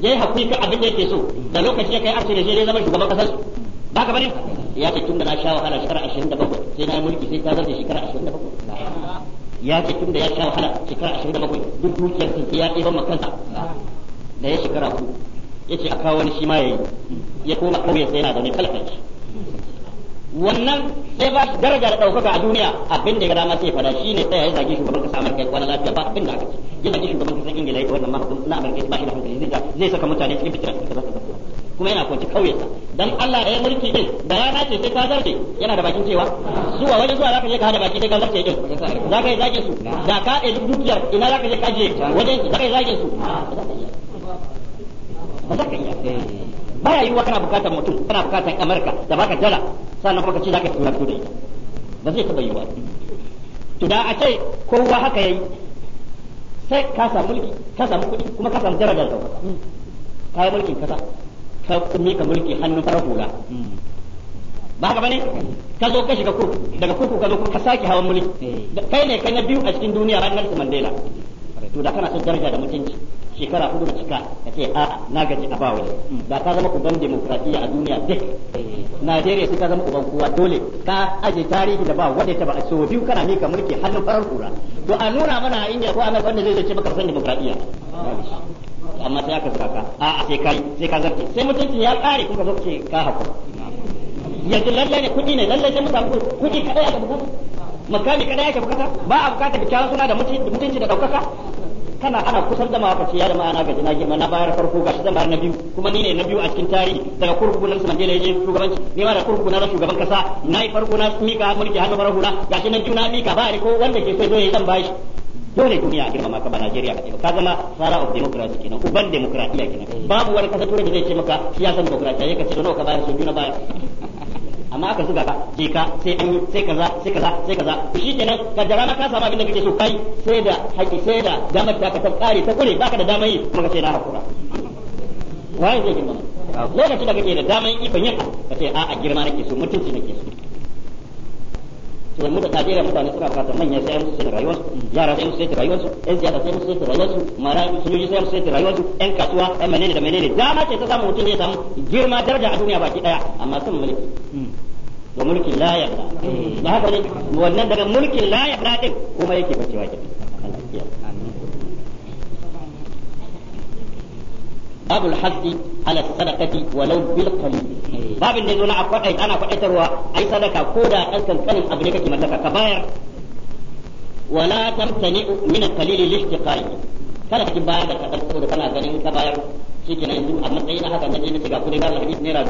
ya yi haƙuri kan abin da yake so da lokaci ya kai arce da shi ne zama shugaban kasar ba ka bari ya ce tun da na sha wahala shekara ashirin da bakwai sai na yi mulki sai ta zarce shekara ashirin da bakwai ya ce tun da ya sha wahala shekara ashirin da bakwai duk dukiyar sun ya ɗiban makansa da ya shekara ku ya ce a kawo wani shi ma ya yi ya koma ƙauye sai yana da ne talaka wannan sai ba shi daraja da ɗaukaka a duniya abin da ya dama sai fada shi ne tsaye ya zagi shugaban kasa amurka ya kwana lafiya ba abin da aka ce ya zagi shugaban kasa ingila ya yi wannan mahaifin na amurka ba shi da hankali zai zai saka mutane cikin fitar da za su zafi kuma yana kwanci kauyensa dan Allah da ya mulki din da ya ce sai ka zarce yana da bakin cewa zuwa wani zuwa zaka je ka hada baki sai ka zarce din zaka yi zage su da ka ɗaya dukiyar ina zaka je ka je wajen zaka yi zage su ba za ka iya yi wa kana bukatar mutum kana bukatar amurka da baka jala sannan kuma ka ce zaka tura da ba zai taba yiwa to da a ce kowa haka yayi sai ka samu mulki ka samu kuɗi kuma ka samu daraja ka ka yi mulkin kasa ka kuma ka mulki hannun fara hula ba haka bane ka zo ka shiga kurku daga kurku ka zo ka sake hawan mulki eh. kai ne kai na biyu a cikin duniya ranar Mandela to da kana son daraja da mutunci shekara hudu da cika ka ce a na gaji a ba wani da ka zama uban demokradiyya a duniya duk eh, Najeriya sai ka zama uban kowa dole ka aje tarihi da ba wanda ta ba a sau biyu kana mika mulki hannun farar kura to a nuna mana a India ko a wanda zai ce maka san demokradiyya amma sai aka zaka a a sai kai sai ka zarce sai mutuncin ya kare kuma zo ce ka hakura yanzu lallai ne kuɗi ne lallai sai mutane kuɗi kadai a gaba makami kada yake bukata ba a bukata kyakkyawan suna da mutunci da daukaka kana ana kusan zama ka ya jama'a na gaji na girma na bayar farko ga shi zama na biyu kuma ni ne na biyu a cikin tarihi daga kurkuku na Usman Jela yake shugabanci ni ma da kurkuku na shugaban kasa nayi farko na mika mulki hannu mara hula shi na biyu na mika ba ko wanda ke so zo yayi zan bashi dole duniya a girma ka ba Najeriya ka ba ka zama sara of democracy kenan uban demokradiya kenan babu wani kasa turai da zai ce maka siyasan demokradiya yake ce nawa ka bayar su biyu na bayar amma aka zuga ka je ka sai an yi sai kaza sai kaza sai kaza shi kenan ka jira ka samu abin da kake so kai sai da haƙi sai da damar ta ka tabbare ta kure baka da damar yi kuma ka na hakura wai zai gina lokacin da kake da damar ikon yin ka ce a'a girma nake so mutunci nake so su zama da Najeriya mutane suna bukatar manyan sai musu sai rayuwarsu yara sai musu sai rayuwarsu yan siyasa sai musu sai rayuwarsu mara sojoji sai musu sai rayuwarsu yan kasuwa yan menene da menene dama ce ta samu mutum ya samu girma daraja a duniya baki daya amma sun mulki wa mulkin la yabla eh. ba haka ne wannan daga mulkin la da din kuma yake bacewa kenan باب الحث على الصدقة ولو بالقليل babin da nuna akwai ana faɗaitarwa ai sadaka ko da ɗan kankanin abu ne kake mallaka ka bayar wala tamtani min qalili lishtiqai kada kake bayar da kadan saboda kana ganin ka bayar shikenan yanzu a matsayin haka na je na shiga a da hadisi naira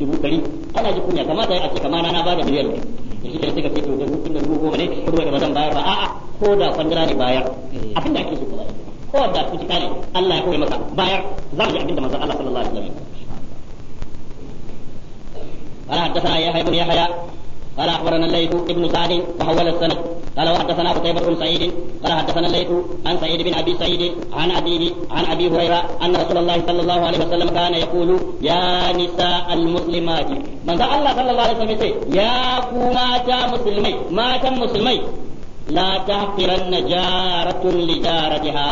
dubu ɗari ana ji kunya kamata a ce kamar na bada miliyan da suka ce to da hukun da dubu goma ne ko da ba zan bayar ba ko da kwandira ne bayar abin da ake ko da kuci ne Allah ya koyi maka bayar za mu ji abinda manzon Allah sallallahu alaihi wasallam قال حدثنا يحيى بن يحيى قال اخبرنا الليث بن سعد وحول السند قال وحدثنا قتيبة بن سعيد قال حدثنا الليث عن سعيد بن ابي سعيد عن ابيه عن ابي هريره ان رسول الله صلى الله عليه وسلم كان يقول يا نساء المسلمات من الله صلى الله عليه وسلم يا كو ماتا مسلمي ماتا مسلمي la tahqiranna jaratun li jaratiha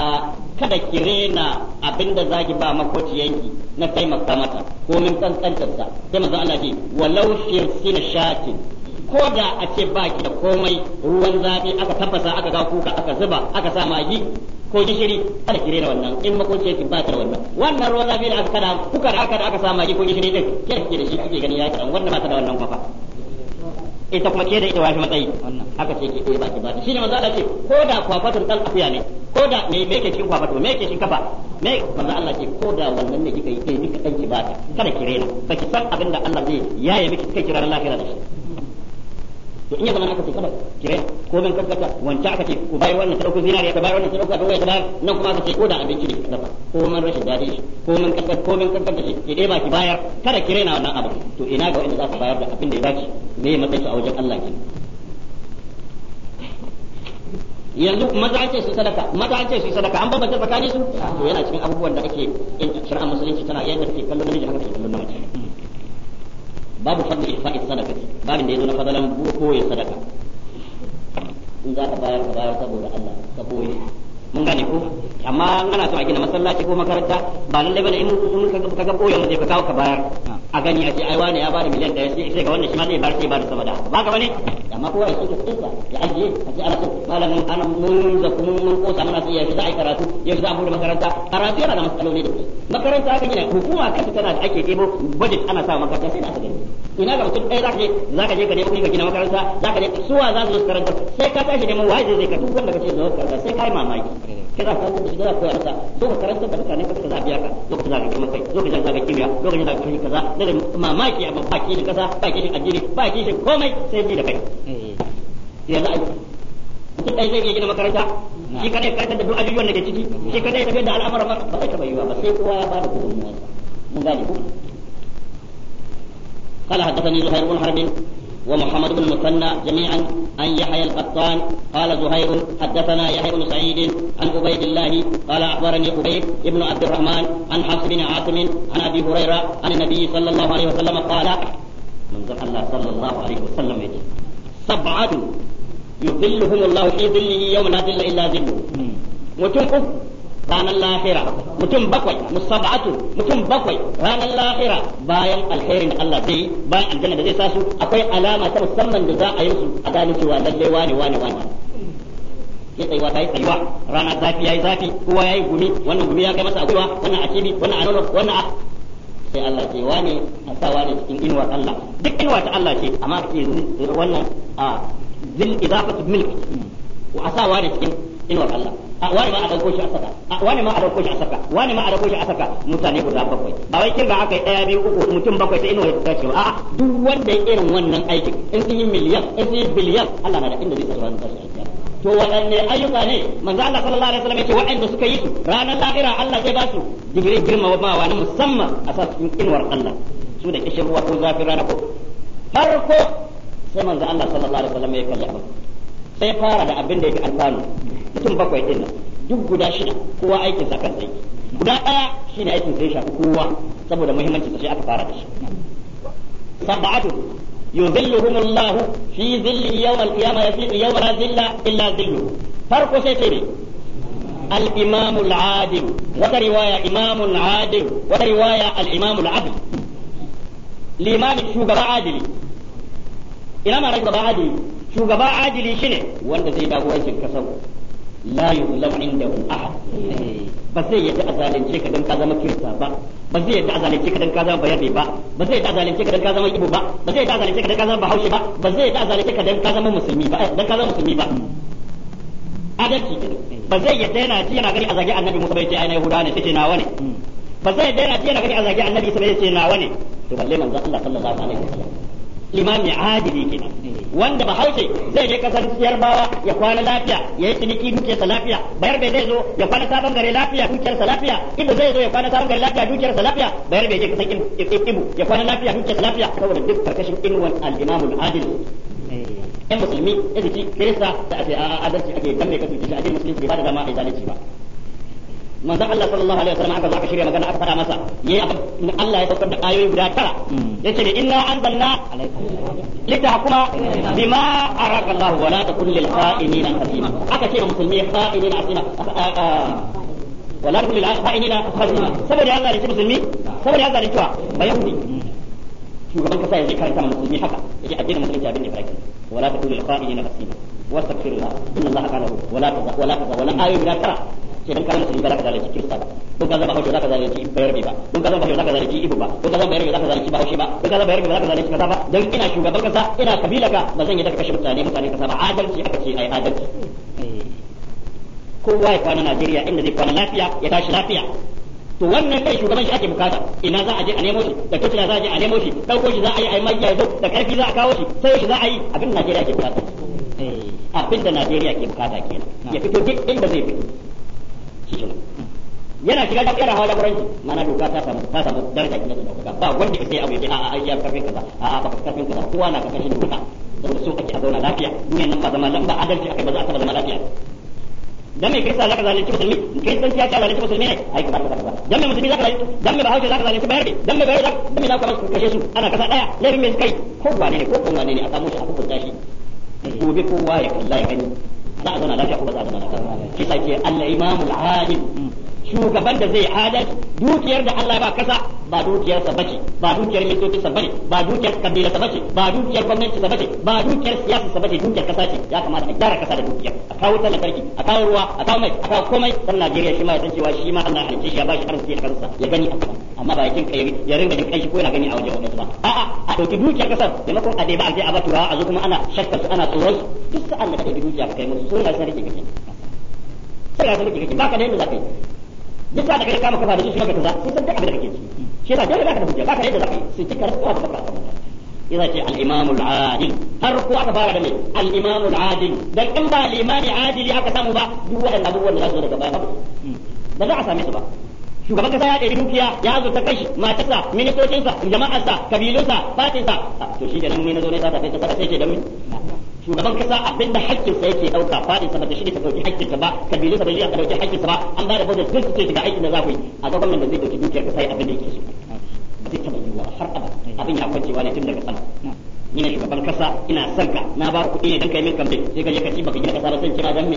kada ki rena abinda zaki ba makociyanki na taimaka mata ko min kankantarsa sai manzo Allah ce walau shirsin shakin ko da a ce baki da komai ruwan zafi aka tabbasa aka ga kuka aka zuba aka sa magi ko gishiri kada ki rena wannan in makoci yake ba ta wannan wannan ruwan zafi da aka kada kuka da aka sa magi ko gishiri din kike da shi kike gani ya kadan wannan ba ta da wannan kwafa ita kuma ke da ita wafi matsayi haka ce ke ba ki ba shi ne manzo Allah ce ko da kwafatun dan akuya ne ko da me me ke cikin kwafato me ke kafa me manzo Allah ce ko da wannan ne kika yi kai kika ɗan ki ba kada ki rena baki san abin da Allah zai yaye miki kai kira lafiya da shi to in ya zama aka ce kabar kire ko ban kaskata wanda aka ce ku bai wannan sadauko zinariya ta bai wannan sadauko ka bai nan kuma aka ce ko da abinci ne ka dafa ko man rashin dadi shi ko man kaskata ko man kaskata shi ki dai ba ki bayar kada kire na wannan abu to ina ga wanda za ka bayar da abin da ya dace me ya matsayi a wajen Allah ke yanzu maza ce su sadaka maza ce su sadaka an bambanta tsakanin su to yana cikin abubuwan da ake shari'a musulunci tana yadda take kallon namiji haka take kallon namiji babu fadli ifa'i sadaka babin da yazo na fadalan ko ya sadaka in za ka bayar ka bayar saboda Allah saboda mun gane ko amma an gana so a gina masallaci ko makaranta ba lalle bane in mun ka ga boye mun ka kawo ka bayar a gani a ce ai wani ya bada miliyan ɗaya sai ga wannan shi ma zai bar sai bada sama da ba ka bane amma kowa ya shiga cikin ya ajiye a ce ana so malamin ana mun da kuma mun kosa muna so ya fi za karatu ya fi za a makaranta karatu yana da matsaloli da makaranta aka gina hukuma kanta tana da ake debo budget ana sa makaranta sai da aka gani ina ga mutum ɗaya zaka je zaka je ka nemi kuɗi ka gina makaranta zaka je suwa za su karanta sai ka tashi neman waje zai ka duk wanda ce zo karanta sai kai mamaki za ka za ka koya masa zo ka karanta da mutane ka za biya ka zo ka zaka kuma kai zo ka zaka kimiya zo ka zaka kimiya kaza da mamaki amma ba kishin kasa ba kishin addini ba kishin komai sai bi da kai eh. ya za a mutum ɗaya zai iya gina makaranta shi kadai karanta da duk ajujuwan da ke ciki shi kadai tafiyar da al'amuran ba sai ka bayuwa ba sai kowa ya ba da gudunmuwarsa mun gane ku قال حدثني زهير بن حرب ومحمد بن المثنى جميعا عن يحيى القطان قال زهير حدثنا يحيى بن سعيد عن عبيد الله قال اخبرني عبيد بن عبد الرحمن عن حفص بن عاصم عن ابي هريره عن النبي صلى الله عليه وسلم قال من الله صلى الله عليه وسلم يجي سبعه يظلهم الله في ظله يوم لا ظل الا ظله متوقف ranar lahira mutum bakwai musabatu mutum bakwai ranar lahira bayan alherin Allah zai bayan aljanna da zai sa su akwai alama ta musamman da za a yi su a gane cewa lalle wane wane wane ya tsayuwa ta yi tsayuwa rana zafi ya yi zafi kowa ya yi gumi wannan gumi ya kai masa a wannan a wannan a nono wannan a sai Allah ce wane a sa wane cikin Allah duk inuwa ta Allah ce amma kake wannan a zil milk wa wane cikin inuwar Allah wani ma a dauko shi a saka wani ma a dauko shi a saka wani ma a dauko shi a saka mutane guda bakwai ba wai kirga aka yi daya biyu uku mutum bakwai sai inuwa ta cewa a duk wanda ya irin wannan aikin in sun yi miliyan in sun yi biliyan Allah na da inda zai tsara wannan tashi to waɗanne ayyuka ne manzo Allah sallallahu alaihi wasallam yace waɗanda suka yi su ranar lahira Allah zai ba su girma ba na musamman a sa cikin inuwar Allah su da kishin ruwa ko zafin rana ko farko sai manzo Allah sallallahu alaihi wasallam ya kalli abin sai fara da abin da yake alfanu mutum bakwai din nan duk guda shida kowa aikin sa kan sai guda daya shine aikin sai shafi kowa saboda muhimmancin sa sai aka fara da shi sab'atu yuzilluhum Allah fi zilli yawm al-qiyamah yafiq yawm la zilla illa zillu farko sai sai الإمام العادل وكرواية إمام عادل وكرواية الإمام العدل الإمام شوغبا عادل إنما رجل عادل shugaba adili shine wanda zai dawo aikin kasar la yuzlam indahu ahad ba zai yadda a zalunce ka dan ka zama kirta ba ba zai yadda a zalunce ka dan ka zama bayarbe ba ba zai yadda a zalunce ka dan ka zama ibo ba ba zai yadda a zalunce ka dan ka zama bahaushe ba ba zai yadda a zalunce ka dan ka zama musulmi ba eh, dan ka zama musulmi ba adalci ba zai yadda yana ji yana gani a zage annabi Musa bai ce ai na Yahuda ne sai nawa ne ba zai yadda yana ji yana gani a zage annabi Isa bai ce nawa ne to balle manzo Allah sallallahu alaihi wasallam imami adili kenan wanda ba hauce zai je kasar yarbawa ya kwana lafiya ya yi ciniki dukiyarsa lafiya bayar bai zai zo ya kwana sabon gare lafiya dukiyarsa lafiya ibu zai zo ya kwana sabon gare lafiya dukiyarsa lafiya bayar bai je kasar ibu ya kwana lafiya dukiyarsa lafiya saboda duk karkashin inuwan al'imamu imamul adil eh. yan musulmi ya ziki kirista da ake adalci ake dan mai kasu shi addinin musulunci ba da dama a yi zalunci ba manzo Allah sallallahu alaihi wasallam aka zo aka shirya magana aka fara masa yayi Allah ya saukar da ayoyi guda tara hmm. yace ne inna anzalna alayka litahkuma bima araka Allah wa la takun lil kha'inin khasima aka ce musulmi kha'inin asima wa la takun lil kha'inin khasima saboda Allah ne musulmi saboda Allah ne cewa bayahudi shugaban kasa yake karanta musulmi haka yake addinin musulmi abin da farki wa la takun lil kha'inin khasima واستغفر الله ان الله كان ولا تزع ولا تزع ولا ايه guda tara. idan dan ina shugaban kasa ina kabila ka ba zan yi kashe mutane mutane kasa ba adalci aka ce ai adalci Najeriya inda zai kwana lafiya ya tashi lafiya to wannan kai shugaban shi ake bukata ina za a je a nemo shi da kacila za a je a nemo shi dauko shi za a yi ai magiya da karfi za a kawo shi sai shi za a yi abin Najeriya ke bukata eh. abin da Najeriya ke bukata kenan ya fito duk inda zai fito yana shiga da kira hawa gurin mana doka ta samu ta samu daraja kin da doka ba wanda sai abu ya a a ya kafin kaza a a ba kafin kaza kowa na kafin doka saboda so kake a zauna lafiya ne nan ba zama ba adalci akai ba za ta zama lafiya dan me kai sa zaka zalunci musulmi kai san ciya ka zalunci musulmi ne ai ka ba dan me musulmi zaka zalunci dan me bahaushe zaka zalunci bayar dan me bayar dan me zaka kashe su ana kasa daya laifin me kai ko wane ne ko wane ne a samu shi a hukunta shi gobe kowa ya kalla ya gani za a zauna lafiya ko ba za a zauna lafiya shi sa ke al-imamul alim shugaban da zai adalci dukiyar da Allah ba kasa ba dukiyar sa bace ba dukiyar mitoci sa bace ba dukiyar kabila sa bace ba dukiyar gwamnati sa bace ba dukiyar siyasa sa bace dukiyar kasa ce ya kamata a gyara kasa da dukiyar a kawo ta lantarki a kawo ruwa a kawo mai a kawo komai dan Najeriya shi ma ya san cewa shi ma Allah halice shi ya bashi arziki da kansa ya gani a kan amma ba yakin kai ya ringa jin kai shi ko yana gani a wajen wani ba a a dauki dukiyar kasar makon a dai ba a je a ba turawa a zo kuma ana shakkar su ana tsoron su duk sa'an da kake dukiya kai musu sun ga sarki kake sai ga sarki kake baka da yadda yi duk da kai ka maka fara duk maka kaza sun san duk abin da kake ciki shi yasa dole zaka da hujja baka yadda zaka yi sun cika rasuwa da baka samu idza ta al-imam al har ko aka fara da me al-imam adil dan in ba al-imam aka samu ba duk wannan abubuwan da zasu daga hmm. ba za a same su ba shugaban kasa ya ɗari dukiya ya zo ta kashi matarsa ministocinsa jama'arsa kabilunsa fatinsa to shi da nan ne na zo ne za ta fita ta sai ce don shugaban kasa abin da sa yake dauka fadi sa ba ta shine ta dauki hakkinsa ba kabilu sa bai ya dauki sa ba an ba da bonus duk suke shiga aikin da za ku a ga wannan da zai dauki dukiyar kasa abin da yake shi ba zai taba har abada abin ya wa ne tun daga sama ni ne shugaban kasa ina son ka na ba kuɗi ne dan kai min kambe sai ka je ka ci baka gina kasa ba sai kira dan me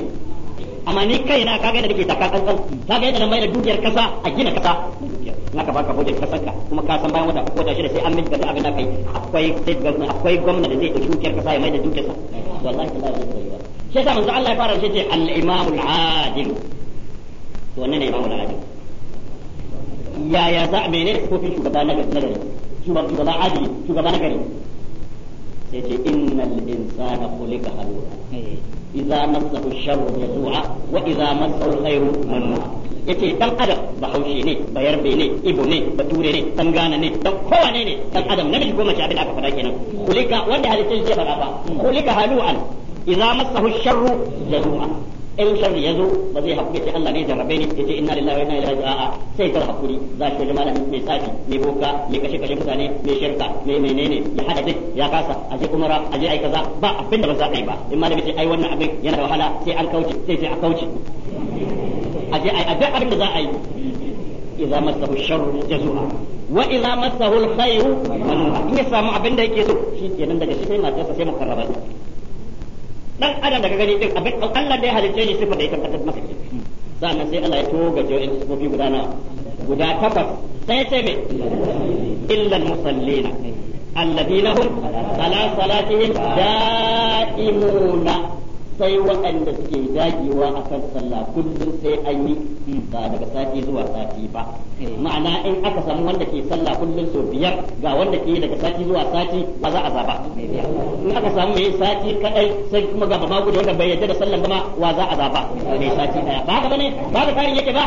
amma ni na kaga yadda nake taka kankan kaga yadda nan bai da dukiyar kasa a gina kasa in aka baka budget ka kuma ka san bayan wata wata shida sai an miji kaza abin da kai akwai state government akwai gwamna da zai da dukiyar kasa ya mai da dukiyar sa wallahi tallahi wannan rayuwa shi yasa manzo Allah ya fara shi ce al-imam al-adil to wannan ne imam al-adil yaya za menene kofin shugaba na gari shugaba adili shugaba na gari sai ce innal insana khuliqa halu'a idza massahu sharru yazu'a wa idza massahu khairu mannu'a yace dan adam bahaushe ne bayarbe ne ibo ne bature ne dan gana ne dan kowane ne dan adam nabi ko mace abin aka faɗa kenan khuliqa wanda halitta ya faɗa ba khuliqa halu'an idza massahu sharru yazu'a in sharri ya zo ba zai hakuri sai Allah ne jarrabe ni yace ina lillahi wa inna ilaihi raji'un a'a sai ka hakuri za ka ga malami mai tsafi mai boka mai kashe kashe mutane mai shirka mai menene ya hada duk ya kasa aje umara aje ai kaza ba abin da ba za ka yi ba in malami ce ai wannan abin yana da wahala sai an kauce sai sai a kauce aje ai aje abin da za a yi idza masahu sharru jazua wa idza masahu alkhairu manuha in ya samu abin da yake so shi kenan daga shi sai matarsa sai mukarraba dan adam daga gani din abin Allah da ya halicce shi sifar da ya tabbatar masa ita sannan sai Allah ya toga jo in sifofi guda nawa guda takwas sai sai me illa musallina alladina hum ala salatihim da'imuna sai waɗanda suke dagewa a kan sallah kullum sai an yi ba daga sati zuwa sati ba ma'ana in aka samu wanda ke sallah kullum sau biyar ga wanda ke daga sati zuwa sati ba za a zaba in aka samu mai sati kadai sai kuma ga bama gudu wanda bai yadda da sallan ba wa za a zaba mai sati daya ba haka bane ba haka tarin yake ba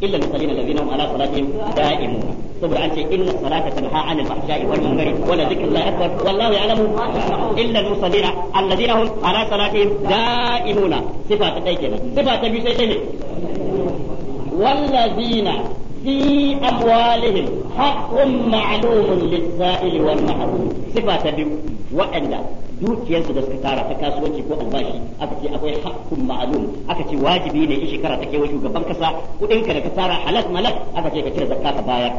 illa misalin alladhina hum ala salatihim da'imun saboda an ce inna salata tanha 'anil fahsha'i wal munkari wa la dhikrullahi akbar wallahu ya'lamu illa al-musallina alladhina hum 'ala salatihim da'imuna sifa ta dai kenan sifa ta biyu sai ne wallazina في أموالهم حق معلوم للسائل والمحروم صفة bi وأن dukiyarsu da suka tara ta kasuwanci ko albashi aka ce akwai hakkun ma'alum aka ce wajibi ne in shekara ta kewa shugaban kasa kuɗinka da ka tara halal malak aka ce ka cire zakka ka bayar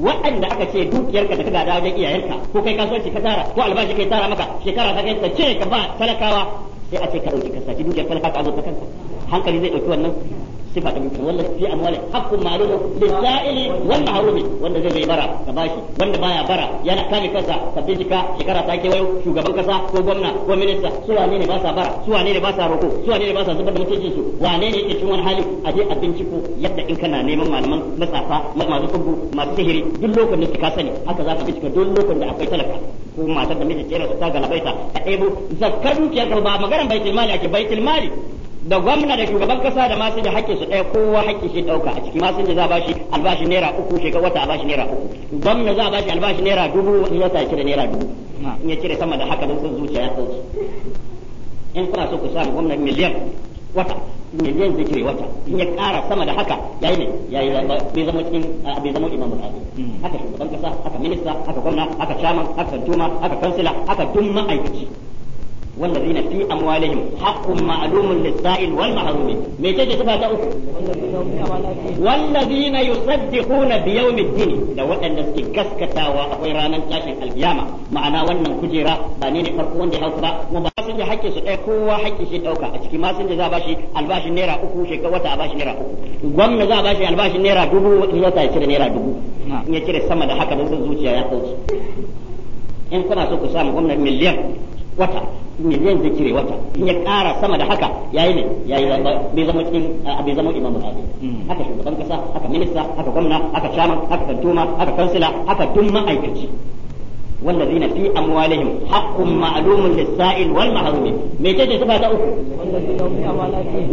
waɗanda aka ce dukiyarka da ka gada wajen iyayenka ko kai kasuwanci ka tara ko albashi kai tara maka shekara ta kai ka ce ka ba talakawa sai a ce ka ɗauki ka saki dukiyar talaka ka zo ta kanka hankali zai ɗauki wannan sifa ta mutum wanda fi amwali haqqun ma'lum lisaili saili wal mahrumi wanda zai bai bara ka bashi wanda baya bara yana kame kansa ka bincika shekara ta ke wayo shugaban kasa ko gwamna ko minista su wane ne ba sa bara su wane ne ba sa roko su wane ne ba sa zubar da mutuncin su wane ne yake cikin wani hali a je a binciko yadda in kana neman malaman matsafa masu kubu masu sihiri duk lokacin da ka sani haka za ka bincika duk lokacin da akwai talaka ko matar da miji ce ta galabaita a ɗebo zakkar dukiyar ba maganar baitul mali ake baitul mali da gwamna da shugaban kasa da masinja hakkin su ɗaya kowa hakkin shi ɗauka a ciki masinja za a shi albashi naira uku shekar wata a naira uku gwamna za a shi albashi naira dubu wani ya sa cire naira dubu in ya cire sama da haka don sun zuciya ya sauci in kuna so ku sa gwamna miliyan wata miliyan zai cire wata in ya ƙara sama da haka ya yi ne yi bai zama cikin bai zama imam bukhari haka shugaban kasa haka minista haka gwamna haka chairman haka tuma haka kansila haka duk ma'aikaci والذين في أموالهم حق معلوم للسائل والمحروم ميتة صفة أخرى والذين يصدقون بيوم الدين لو أن تكسكتا وأخيرانا تاشن القيامة معنا وانا كجيرا بانين فرقون دي حوصرا وباسن دي حكي سؤال كوا حكي شيء أوكا أشكي ما سن جزا باشي الباشي نيرا أكو شيء كوتا باشي نيرا أكو قم نزا باشي الباشي نيرا دبو يوتا يشير نيرا دبو يشير السما da haka don sun zuciya ya kauce in kuna so ku samu gwamnati miliyan wata miliyan zai cire wata in ya ƙara sama da haka yayi ne yayi bai zama cikin bai zama imamu ne hmm. haka shugaban kasa haka minista haka gwamna haka shaman haka kantuma haka kansila haka duk ma'aikaci والذين في أموالهم حق معلوم للسائل والمحروم ميتة تبقى أخو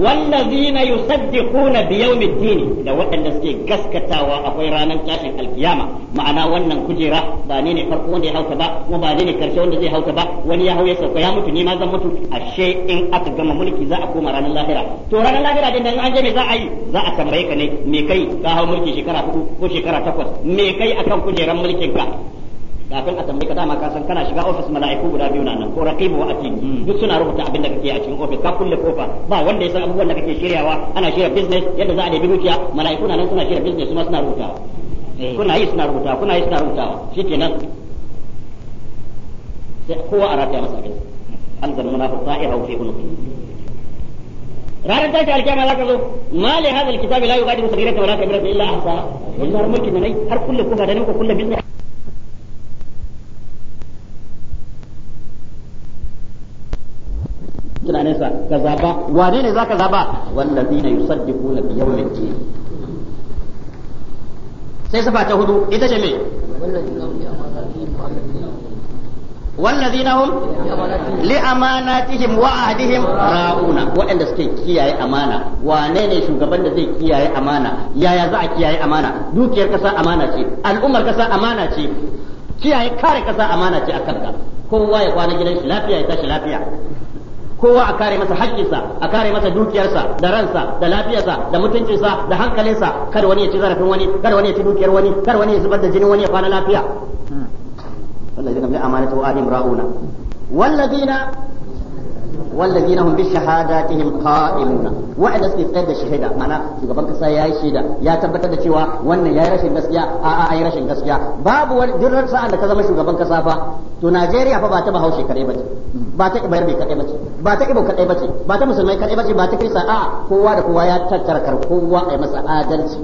والذين يصدقون بيوم الدين لو أن سكي قسكتا وأخيرانا تاشن القيامة معنا وانا كجيرا بانيني فرقون دي هوتبا وبانيني كرشون دي هوتبا وني هو يسوك يا متو نيما زمتو الشيء إن أتقم ملكي ذا أقوم رانا اللاهرة تو رانا اللاهرة دي نان أنجمي ذا أي ذا أتمريك ني ميكي كاهو ملكي شكرا فكو شكرا تقوس ميكي أكم كجيرا ملكي kafin a tambaye ka dama ka san kana shiga ofis mala'iku guda biyu na nan ko raqibu wa atid hmm. duk suna rubuta abin da kake a cikin ofis ka kulle kofa ba wanda ya san abubuwan da kake shiryawa ana shirya business yadda za a debi dukiya mala'iku na nan suna shirya business kuma suna rubutawa eh. kuna yi suna rubutawa kuna yi suna rubutawa shikenan sai kowa a rataya masa abin an zama munafiq ta'ira fi unuqi ranar tashi alkiyama za ka zo ma li hadha alkitabi la yughadiru saghiratan wala kabiratan illa ahsa wannan mulkin ne har kulle kuma da ne ko kulle business tunaninsa ka zaba wane ne za ka zaba wanda zai na yusaddi kuna biyar mai sai sufa ta hudu ita ce mai wallazi na hun li amana tihim wa ra'una waɗanda suke kiyaye amana wane ne shugaban da zai kiyaye amana yaya za a kiyaye amana dukiyar kasa amana ce al'ummar kasa amana ce kiyaye kare kasa amana ce a kanka kowa ya kwana gidan shi lafiya ya tashi lafiya kowa a kare masa haƙƙinsa a kare masa dukiyarsa da ransa da lafiyarsa da mutuncinsa da hankalinsa kar wani ya ci zarafin wani kar wani ya ci dukiyar wani kar wani ya zubar da jinin wani ya kwana lafiya والذين من أمانة وآدم راؤون والذين والذين هم بشهاداتهم قائمون وعند سكي تقيد الشهادة معنى شغبان كسا ياي شهادة ya tabbatar da cewa wannan ya yi rashin gaskiya a a yi rashin gaskiya babu wani duk sa'an da ka zama shugaban kasa fa to Najeriya fa ba ta Bahaushe kadai bace ba ta mai kadai bace ba ta Ibo kadai bace ba ta musulmai kadai bace ba ta Kirista a kowa da kowa ya tattara kar kowa ai masa adalci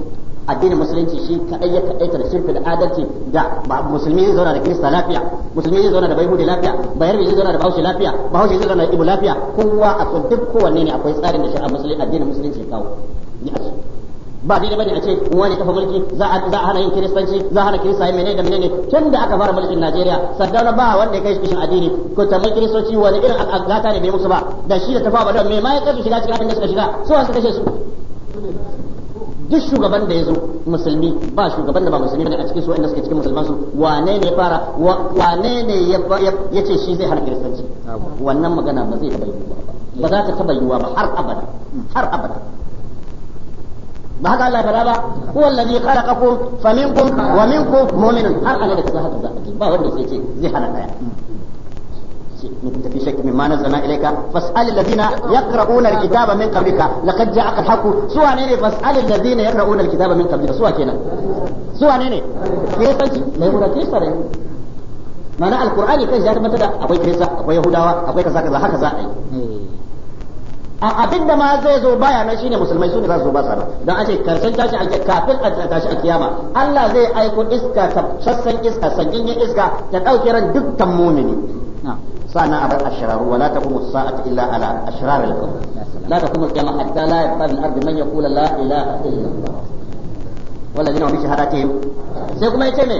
addinin musulunci shi kadai ya kadai da shirka da adalci da musulmi zai zauna da kirista lafiya musulmi zai zauna da baihudi lafiya bayar zai zauna da bahaushe lafiya bahaushe zai zauna da ibo lafiya kowa a duk kowanne ne akwai tsarin da a musulmi addinin musulunci kawo ba da bane a ce wani kafa mulki za a za a hana yin kiristanci za a hana kirista yin menene da menene tun da aka fara mulkin Najeriya Sardauna ba wanda ya kai kishin addini ko ta mulki kiristoci wani irin gata ne bai musu ba da shi da tafa ba don me ma ya kasu shiga cikin abin da suka shiga so wasu kashe su duk shugaban da ya zo musulmi ba shugaban da ba musulmi bane a cikin su wanda suke cikin musulman su wane ne fara wane ne ya ce shi zai hana kiristanci wannan magana ba zai taba ba ba za ta taba yiwuwa ba har abada har abada ba haka Allah ta ba huwa allazi kharaqakum faminkum wa minkum mu'minun har ana da kaza haka za ba wanda ce zai hana kaya ni ta fi shakki min manar zana ilaika fas'al alladhina yaqra'una alkitaba min qablika laqad ja'aka alhaqu suwa ne ne fas'al alladhina yaqra'una alkitaba min qablika suwa kenan suwa ne ne ke sanci mai mura ke sare ma'ana alqur'ani kai ya tabbata da akwai kaisa akwai yahudawa akwai kaza kaza haka za a yi a abin da ma zai zo baya na shine musulmai su ne za su zo ba sana dan an ce karshen tashi ake kafin a tashi a kiyama Allah zai aiko iska sassan iska sanyin iska ta dauke ran dukkan mumini sana abar ashraru wala taqumu as-sa'atu illa ala ashrar al-qawm la taqumu al-qiyamah hatta la yabqa min ardi man yaqulu la ilaha illa Allah wala jinna bi shahadatihim sai kuma yace ne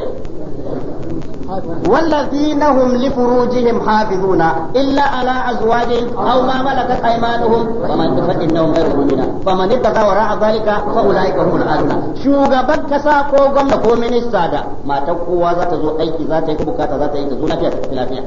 والذين هم لفروجهم حافظون إلا على أزواجهم أو ما ملكت أيمانهم ومن فإنهم غير مؤمنين فمن ابتغى وراء ذلك فأولئك هم العادون shugaban kasa ko gwamna ko minista da matan kowa za ta zo aiki za ta yi bukata za ta yi ta zo lafiya ta lafiya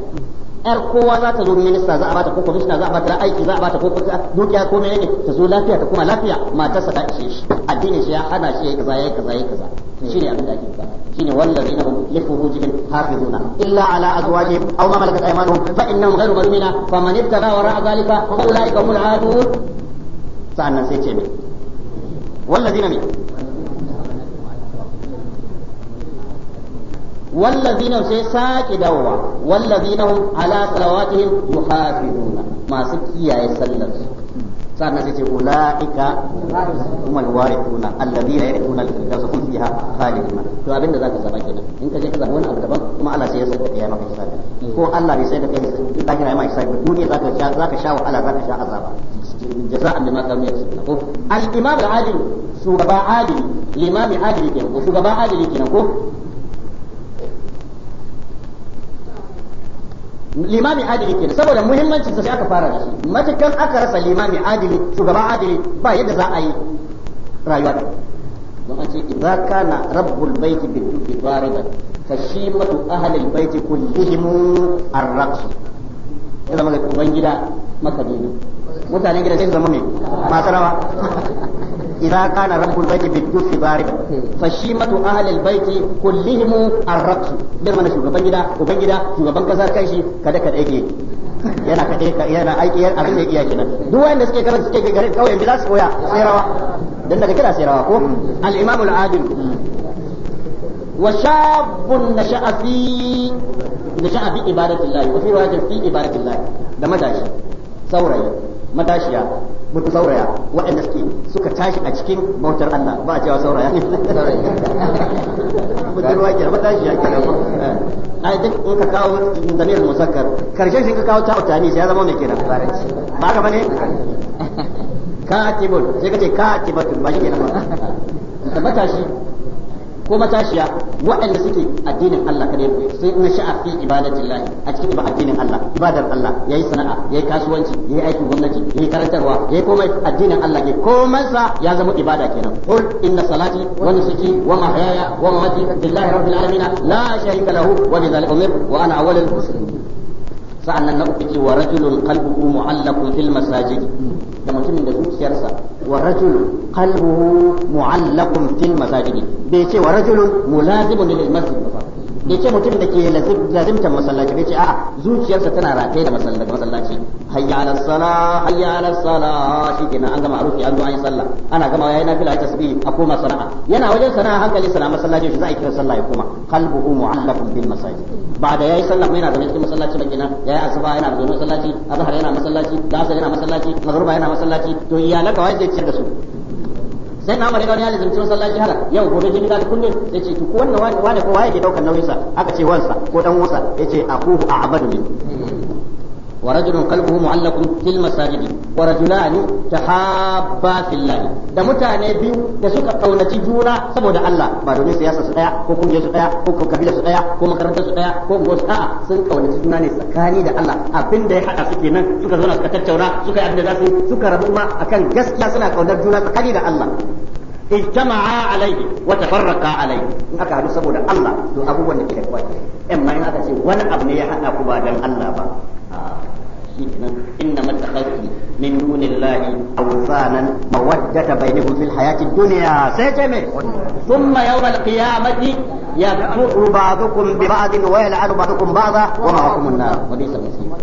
yar kowa za ta zo minista za a bata ko kwamishina za a bata aiki za a bata ko dukiya ko menene ta zo lafiya ta kuma lafiya matarsa ta ishe shi addinin shi ya hana shi yayi kaza yayi kaza yayi kaza shine abin da ake faɗa shine wallazina hum li furujihim hafizuna illa ala azwajihim aw ma malakat aymanuhum fa innahum ghayru malumina faman ibtaga wara dhalika fa ulaika hum al-adun Sannan sai ce me wallazina ne wallazina sai saki dawwa wallazina hum ala salawatihim yuhafizuna masu kiyaye sallar su sannan sai ce ulaika humul warithuna alladhina yarithuna al-firdausa hum fiha khalidun to abinda zaka zaba kenan in ka ka zaba wani abu daban kuma Allah sai ya saka kai maka hisabi ko Allah bai sai da kai in ka kira mai hisabi duniya zaka sha zaka sha wahala zaka sha azaba jaza'an lima kanu yasbuna ko kenan ko kenan ko limami adili kenan saboda muhimmancin sa sai aka fara shi matakan aka rasa limami adili shugaban adili ba yadda za a yi rayuwa da don an ce idza kana rabbul baiti bi dubi dariban tashimatu ahlil baiti kullihim ar-raqs idan maka uban gida maka dinu mutanen gida sai zama mai masu *laughs* إذا كان رب البيت بالجف باردا فشيمة أهل البيت كلهم الرقص لما شو بنجدا وبنجدا شو بنكسا كيشي كذا كذا يجي yana kaɗe yana aiki yana abin da iya kenan duk wanda suke karanta suke garin kawai yanzu su koya sai rawa dan daga kira sai rawa ko al-imam al-adil wa shabun nasha'a fi nasha'a fi ibadatillah wa fi rajul fi ibadatillah da madashi saurayi matashiya mutu sauraya waɗanda suke suka tashi a cikin bautar Allah ba a cewa sauraya budurwa matashiya duk in ka kawo musakkar karshen shi ka kawo ta sai ya zama mai ba ka bane sai ka ce ba shi kenan ba matashi *laughs* ko matashiya waɗanda suke addinin Allah kadai sai na sha'a fi ibadatillahi a cikin ba addinin Allah ibadar Allah yayi sana'a yayi kasuwanci yayi aikin gwamnati yayi karantarwa yayi komai addinin Allah ke komai sa ya zama ibada kenan qul inna salati wa nusuki wa mahyaya wa mamati lillahi rabbil alamin la sharika lahu wa bidhalika umirtu wa ana awwalul muslimin sa'annan na uku ce wa rajulun qalbuhu mu'allaqun fil masajid da mutumin da zuciyarsa ورجل قلبه معلق في المساجد بيتي ورجل ملازم للمسجد bai ce mutum da ke lazimtar masallaci bai ce a'a zuciyarsa tana rataye da masallaci hayya ala sala hayya ala sala shikenan an gama arufi an zo an yi sallah ana gama ya yayi nafila ya tasbi a koma sana'a yana wajen sana'a hankali sana masallaci shi za a yi kira sallah ya koma qalbuhu mu'allaqun bil masajid ba da yayi sallah yana zaune cikin masallaci ba kenan yayi asuba yana zaune masallaci azhar yana masallaci asar yana masallaci magruba yana masallaci to iyalaka wai zai ciyar da su sai na amare kawai ya lizimci masallaci haka yau gobe jini zaka kunne ya ce duk wannan wani ko waye ke daukar nauyinsa aka ce wansa ko dan wansa kuhu a a'badu ne. ورجل قلبه معلق في المساجد ورجلان تحابا في الله da mutane biyu da suka kaunaci juna saboda Allah ba domin siyasa su daya ko kungiyar su daya ko kabila su daya ko makarantar su daya ko unguwar su a'a sun kaunaci juna ne tsakani da Allah abin da ya hada su kenan suka zauna suka tattauna suka yi abin da za su suka rabu ma akan gaskiya suna kaunar juna tsakani da Allah اجتمعا عليه وتفرقا عليه in aka hadu saboda Allah to abubuwan da ke da kwaki amma in ce wani abu ne ya haɗa ku ba dan Allah ba inna mattakhadhu min dunillahi awsanan mawaddata bainahum fil hayati dunya sai ce me thumma yawm al qiyamati yakfuru ba'dukum bi ba'din wa yal'anu ba'dukum ba'dha wa ma'akum an-nar wa bisa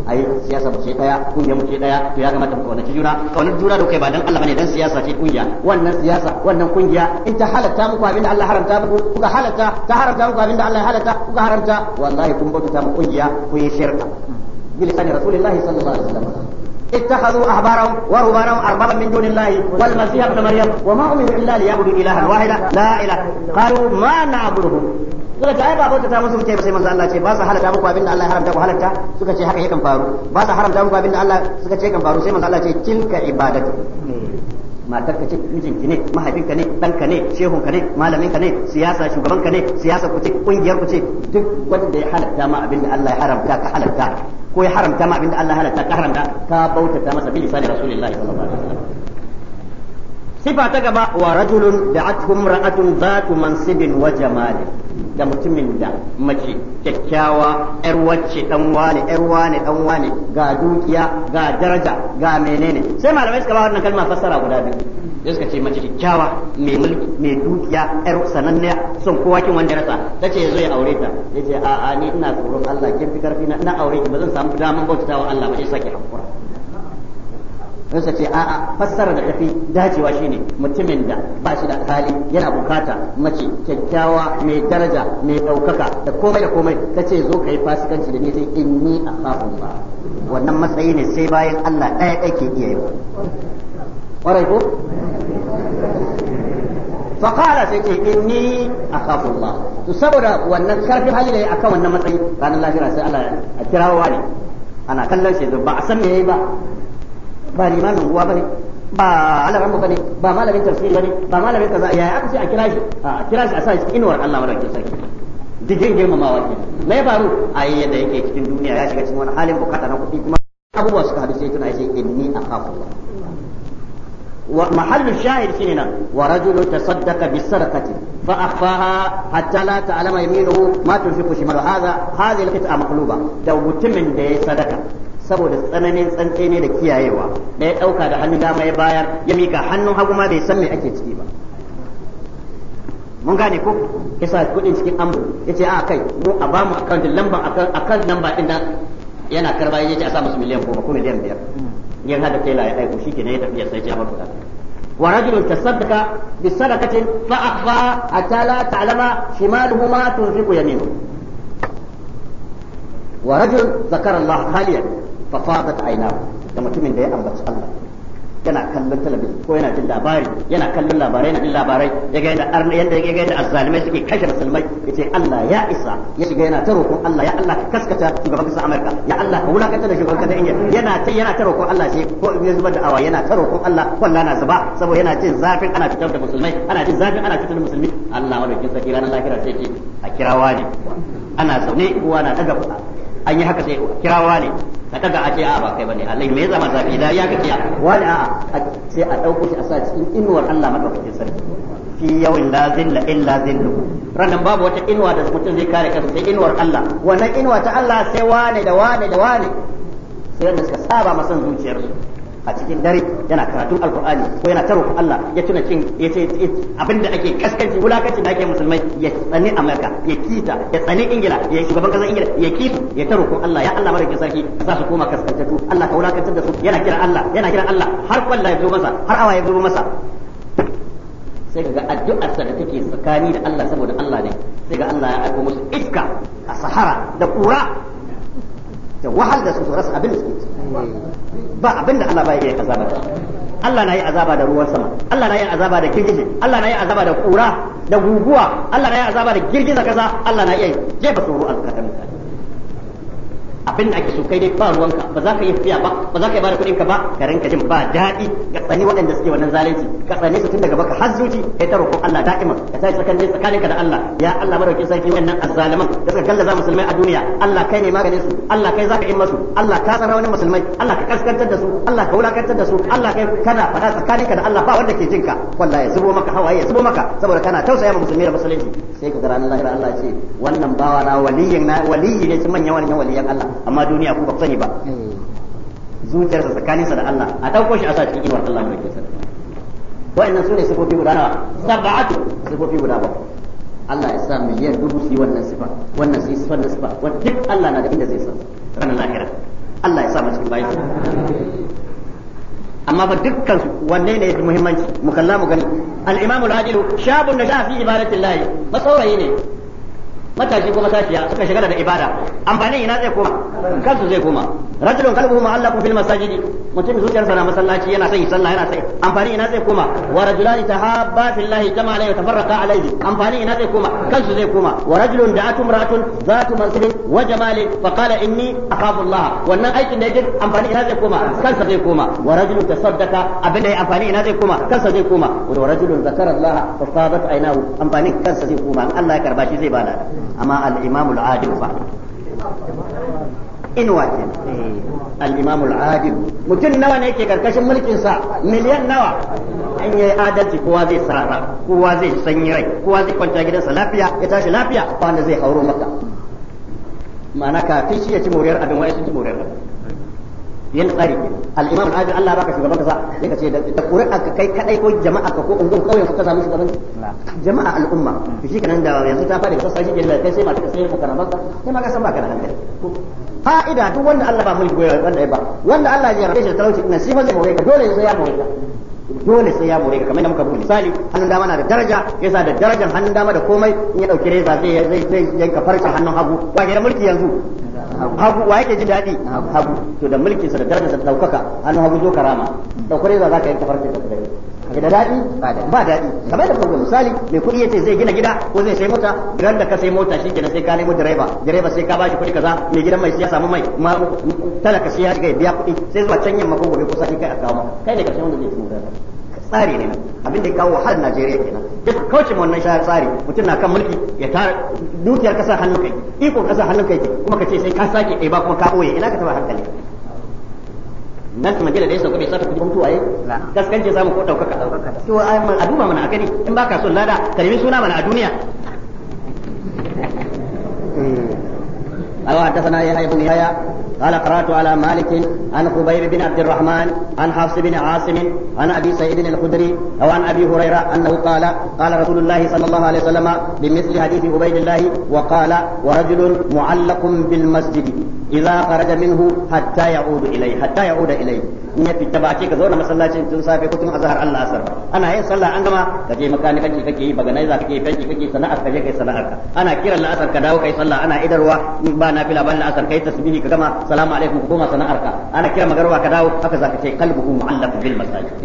ai siyasa mu ce daya kungiya mu ce daya to ya kamata mu kaunaci juna kaunar juna ba dan Allah bane dan siyasa ce kungiya wannan siyasa wannan kungiya in ta halatta muku abinda Allah haramta kuka halatta ta haramta muku abinda Allah ya kuka haramta mu shirka بلسان رسول الله صلى الله عليه وسلم اتخذوا احبارهم ورهبانهم اربابا من دون الله والمسيح ابن مريم وما امروا الا ليعبدوا الها واحدا لا اله قالوا ما نعبدهم suka ce ai ba bauta ta musu sai manzo Allah ce ba su halatta muku abinda Allah ya haramta ku halatta suka ce haka yakan faru ba su haramta muku abinda Allah suka ce kan faru sai manzo Allah ce tilka ibadatu ce ne ne ne ne ne siyasa ne siyasa ku ce kungiyar ku ce duk wanda ya halatta ma abinda Allah ya haramta ka halatta ko ya haramta ma abinda Allah halatta ka haramta ka bautata masa bi lisanin rasulullahi sallallahu alaihi wasallam sifa ta gaba wa rajulun da'athu imra'atun zatu mansibin wa jamal da mutumin da mace kyakkyawa yar wacce dan wane yar wane dan wane ga dukiya ga daraja ga menene sai malamai suka ba wannan kalma fassara guda biyu sai suka ce mace kyakkyawa mai mulki mai dukiya yar sananniya son kowa kin wanda rasa ta ce yazo ya aure ta ya ce a a ni ina tsoron Allah kin fi karfi na ina aure ki ba zan samu daman bautawa Allah ba sai saki hankura sai suka ce a a fassara da tafi dacewa shine mutumin da ba shi da hali yana bukata mace kyakkyawa mai daraja mai daukaka da komai da komai ta ce zo kai fasikanci da ni sai a kafin ba wannan matsayi ne sai bayan Allah ɗaya ɗaya ke iya yi ko فقال إني أخاف الله تصبر وأن كرفي هاي لي أكا وأن مطعي قال الله جرى سأل الله أكراه واني أنا لن شيء با أسمي با با لمن هو بني با على رمك بني با ما لم تفسير بني با ما لم كذا يا أكسي أكراش أكراش أساس إنور الله ولا كيسك dijin girmamawa wake me faru a yi yadda yake cikin duniya ya shiga cikin wani halin bukata na kuɗi kuma abubuwa suka hadu sai tuna shi inni akhafu ومحل الشاهد شنو ورجل تصدق بالسرقة فأخفاها حتى لا تعلم يمينه ما تنفق شماله هذا هذه القطعة مقلوبة لو متمن دي صدقة سبو tsananin tsantsi ne da كيا يوا ya أوكا da حنو داما يباير يميكا حنو mika ما hagu ma أكي تكيبا mun gane ko kisa kudin cikin amru yace a kai mu a bamu akan lambar akan akan lamba din yana karba yace a sa musu miliyan goma ko miliyan biyar yin haka tela ya aiko shi kenan ya tafi sai ya bar kuɗa wa rajulun tasaddaqa bi sadaqatin fa akhfa hatta la ta'lama shimaluhu ma tunfiqu yaminu wa rajul zakara Allah haliyan fa fadat aynahu da mutumin da ya ambaci Allah yana kallon talabijin ko yana jin labari yana kallon labarai yana jin labarai ya ga yadda ya ga yadda azzalimai suke kashe musulmai ce Allah ya isa ya shiga yana ta roƙon Allah ya Allah ka kaskata shugaban kasar Amurka ya Allah ka wulakanta da shugaban kasar India yana ta yana ta roƙon Allah sai ko ya zubar da awa yana ta roƙon Allah wallahi na zuba saboda yana jin zafin ana fitar da musulmai ana jin zafin ana fitar da musulmi Allah wa bikin sakira na lahira sai ce a kirawa ne ana zaune kuwa na daga an yi haka sai kirawa ne ka daga a ce a ba kai bane Allah me zama zafi da ya kake Wani a sai a dauko shi a sa cikin inuwar Allah madaukakin sarki fi yawin lazin la zilla illa zillu ranan babu wata inuwa da mutum zai kare kansa sai inuwar Allah wannan inuwa ta Allah sai wane da wane da wane sai wanda suka saba masan zuciyarsu a cikin dare yana karatun alkur'ani ko yana taro Allah ya tuna cin ya ce abinda ake kaskanci wulakacin da ake musulmai ya tsani Amerika ya kita ya tsani Ingila ya shugaban kasar Ingila ya kita ya taro Allah ya Allah madaukakin sarki sa su koma kaskantattu Allah ka wulakantar da su yana kira Allah yana kira Allah har kwalla ya zo masa har awa ya zo masa sai ga addu'ar sa da take tsakani da Allah saboda Allah ne sai ga Allah ya aiko musu iska a sahara da kura ta wahal da su su rasa abin da suke ba abinda Allah ba ya iya azaba da Allah na yi azaba da ruwan sama Allah na yi azaba da girgije Allah na yi azaba da kura da guguwa Allah na yi azaba da girgiza kasa Allah na iya jefa tsoro a zukatan mutane abin da ake so kai dai ba ruwanka ba za ka yi fiya ba ba za ka iya bada kuɗinka ba ka rinka jin ba daɗi ga tsani waɗanda suke wannan zalunci ka tsane su tun daga baka har zuci kai ta roƙon Allah da'ima ka tashi tsakanin tsakaninka da Allah ya Allah madauki sarki wannan azzaliman da suka gallaza musulmai a duniya Allah kai ne maganin su Allah kai zaka in masu Allah ka tsara wani musulmai Allah ka kaskantar da su Allah ka wulakantar da su Allah kai kana faɗa tsakaninka da Allah ba wanda ke jinka wallahi ya zubo maka hawaye ya zubo maka saboda kana tausaya ma musulmi da musulunci sai ka ga ranar lahira Allah ce wannan bawa na waliyin na waliyi ne cikin manyan waliyan Allah amma duniya ku ba ku sani ba zuciyarsa tsakaninsa da Allah a dauko shi a sa cikin inuwar Allah mai kyau wa'annan sune sifofi guda nawa sab'atu sifofi guda bakwai Allah ya sa miliyan dubu su yi wannan sifa wannan su yi wannan sifa duk Allah na da inda zai san ranar lahira Allah ya sa mu cikin bayan amma ba dukkan su wanne ne yafi muhimmanci mu kalla mu gani al-imam al-adil shabun nasha fi ibadatillahi masaurayi ne matashi ko matashiya suka shagala da ibada amfanin ina zai koma kansu zai koma rajulun qalbuhu ma'allaqun fil masajidi mutum zuciyarsa na masallaci yana sai sallah yana sai amfanin ina zai koma wa rajulani tahabba fillahi kama alayhi tafarraqa alayhi amfanin ina zai koma kansu zai koma wa rajulun da'atu imra'atun zatu mansibin wa jamalin fa qala inni akhafu Allah wannan aikin da yake amfanin ina zai koma kansa zai koma wa rajulun tasaddaqa abin da amfanin ina zai koma kansa zai koma wa rajulun zakara Allah fa fadat aynahu amfanin kansa zai koma Allah ya karba shi zai bada amma al ba inuwa ke eh, al mutum nawa ne ke karkashin mulkin sa miliyan nawa an yi adalci kowa zai sarara kowa zai sanyi rai kowa kwanta gidansa lafiya ya tashi lafiya wanda zai hauro maka ma'ana kafin shi ya ci moriyar abin wa'ai sun ci moriyar yanda tsari ke al-imam al Allah baka shugaban kasa sai ka ce da qur'a ka kai kadai ko jama'a ka ko ungun kauyen ka samu shugaban jama'a al'umma to shi kanan da yanzu ta fara kasa shi da kai sai ma ka sai makaramar ka sai ma ka san baka da hankali fa'ida duk wanda Allah ba mulki goyon wanda ya ba wanda Allah ya rabe shi da talauci ina sifar zai mawai ka dole sai ya mawai ka dole sai ya more kamar da muka buga misali hannun dama na da daraja yasa da darajar hannun dama da komai in ya dauki reza zai zai yanka farcen hannun hagu wa da mulki yanzu hagu wa yake ji daɗi hagu to da mulkin sa da darajar sa daukaka an hagu zo karama daukar za ka yi tafarkin da kai kaga da daɗi ba daɗi kamar da kuma misali mai kuɗi yace zai gina gida ko zai sai mota ran da ka sai mota shi kenan sai ka nemo direba direba sai ka ba shi kuɗi kaza mai gidan mai siya samu mai ma talaka sai ya shiga biya kuɗi sai zuwa can yamma ko gobe kusa kai a kawo maka kai ne karshen wanda zai ci tsari ne abin da ya kawo wahalar Najeriya kenan duk kauce mu wannan shahar tsari mutum na kan mulki ya tara dukiyar kasa hannun kai iko kasa hannun kai kuma ka sai ka sake ɗaya ba kuma ka boye ina ka taɓa hankali nan kuma gida da ya ko bai saka kudi mutuwa yi gaskance samu ko ɗaukaka ɗaukaka to a duba mana a gani in baka son lada ka nemi suna mana a duniya hmm. قال حدثنا يحيى بن يحيى قال قرات على مالك عن خبيب بن عبد الرحمن عن حفص بن عاصم عن ابي سعيد الخدري او عن ابي هريره انه قال قال رسول الله صلى الله عليه وسلم بمثل حديث عبيد الله وقال ورجل معلق بالمسجد اذا خرج منه حتى يعود اليه حتى يعود اليه in ya fita ba a ce ka zauna masallacin tun safe ko tun azhar Allah asar ba ana yin sallah an gama ka je makani kake kake yi baga naiza kake fanki kake sana'ar ka je kai sana'ar ka ana kiran la'asar ka dawo kai sallah ana idarwa in ba nafila ban la'asar kai tasbihi ka gama salamu alaikum ka koma sana'ar ka ana kiran magarwa ka dawo haka zaka ce qalbuhu mu'allaq bil masajid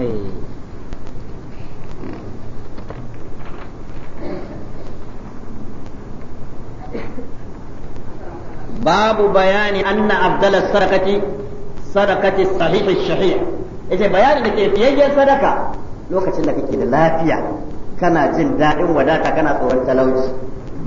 باب بيان أن أفضل السرقة sadakati sahihi shahih yace bayanin da ke sadaka lokacin da kake da lafiya kana jin daɗin wadata kana tsoron talauci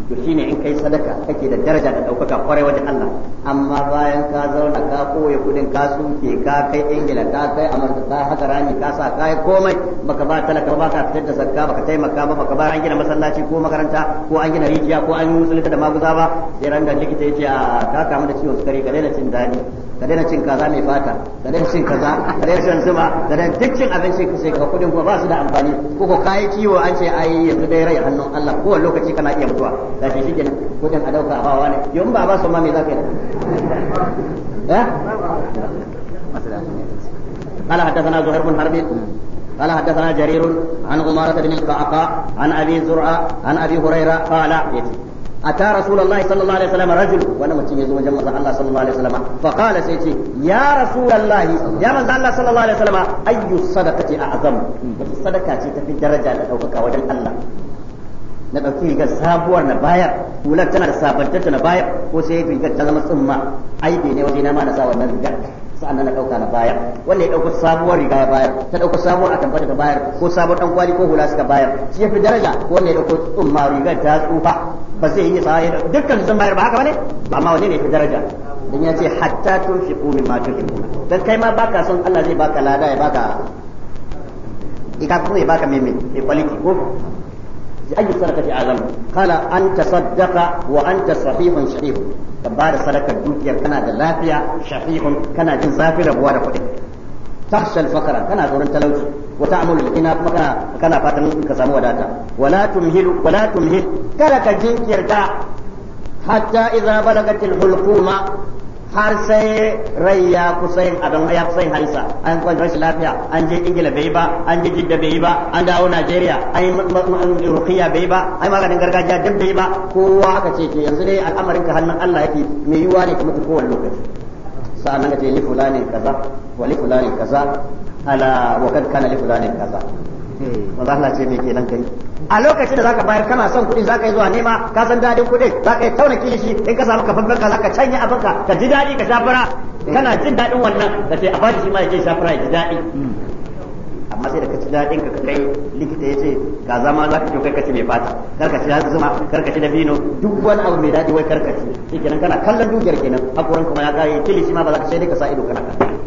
to shine in kai sadaka kake da daraja da ɗaukaka kwarai wajen Allah amma bayan ka zauna ka koya kudin ka suke ka kai ingila ka kai amurka ka haka rani ka sa ka yi komai baka ba talaka ba ka fitar da zakka baka taimaka ba baka ba an gina masallaci ko makaranta ko an gina rijiya ko an yi musulunta da maguza ba sai ranga likita ce a ka kamu da ciwon sukari ka daina cin daɗi ka daina cin kaza mai fata ka daina cin kaza ka daina shan zuma ka daina duk cin abinci ka sai ka kudin kuma ba su da amfani ko ko kayi kiwo an ce ai yanzu dai rai hannun Allah kowane lokaci kana iya mutuwa da shi shike kudin a dauka ba wani yau ba ba su ma me za ka yi eh قال حدثنا زهير بن حرب قال حدثنا جرير عن عمارة بن القعقاع عن أبي زرعة عن أبي هريرة قال يتي ata rasulullahi sallallahu alaihi wasallam rajul wani mutum ya zo wajen manzon Allah sallallahu alaihi wasallam fa qala sai ce ya rasulullahi ya manzon Allah sallallahu alaihi wasallam ayyu sadaqati a'zam sadaka ce ta fi daraja da daukaka wajen Allah na ɗauki rigar sabuwar na bayar hular tana da ta na bayar ko sai rigar ta zama tsumma aibe ne waje na ma na sa wannan rigar nan na ɗauka na bayar wanda ya ɗauka sabuwar riga ya bayar ta ɗauko sabuwar a atamfa ta bayar ko sabuwar ɗan kwali ko hula suka bayar shi ya fi daraja ko wanda ya ɗauka tsumma riga ta tsufa ba zai yi sa'a dukkan sun bayar ba haka bane ba ma wani ne ya fi daraja dan ya ce hatta tunfiqu mimma tuhibbuna dan kai ma baka son Allah zai baka lada ya baka ika ya baka meme ya kwaliki ko أي صدقة أعظم قال أن تصدق وأنت صحيح شحيح تبار صدقة دوكير كان دلافيا شحيح كان جنزافر بوالا كده تخشى الفقر كان زورن تلوج وتعمل الغنى كما كان كان فاتن كسامو وداتا ولا تمهل ولا تمهل كلك جنكير حتى إذا بلغت الحلقومة har sai rai ya kusa yin abin ya kusa yin harisa an kwan rashin lafiya an je ingila bai ba an je jidda bai ba an dawo najeriya an yi rukiya bai ba an maganin gargajiya duk bai ba kowa aka ce ke yanzu dai al'amarin ka hannun allah yake mai yiwuwa ne ka mutu kowane lokaci sa'an nan ka ce li fulani kaza wa li fulani kaza ala wa kad kana li fulani kaza Hmm, manzo Allah ce me kenan kai a lokacin da zaka bayar kana son kuɗi zaka yi zuwa nema ka san dadin kuɗin zaka yi tauna kilishi in ka samu kafan banka zaka canye a banka ka ji dadi ka shafara kana jin dadin wannan da sai a bashi shi ma yake shafara ya ji dadi hmm. amma sai da ka ci daɗin ka kai likita ya ce ga zama za ka kyau karkaci mai fata karkaci da zuma kar karkaci da bino duk wani abu mai daɗi wai kar ka ci. kenan kana kallon dukiyar kenan hakoran kuma ya kare kilishi ma ba za ka sai dai ka sa ido kana kallon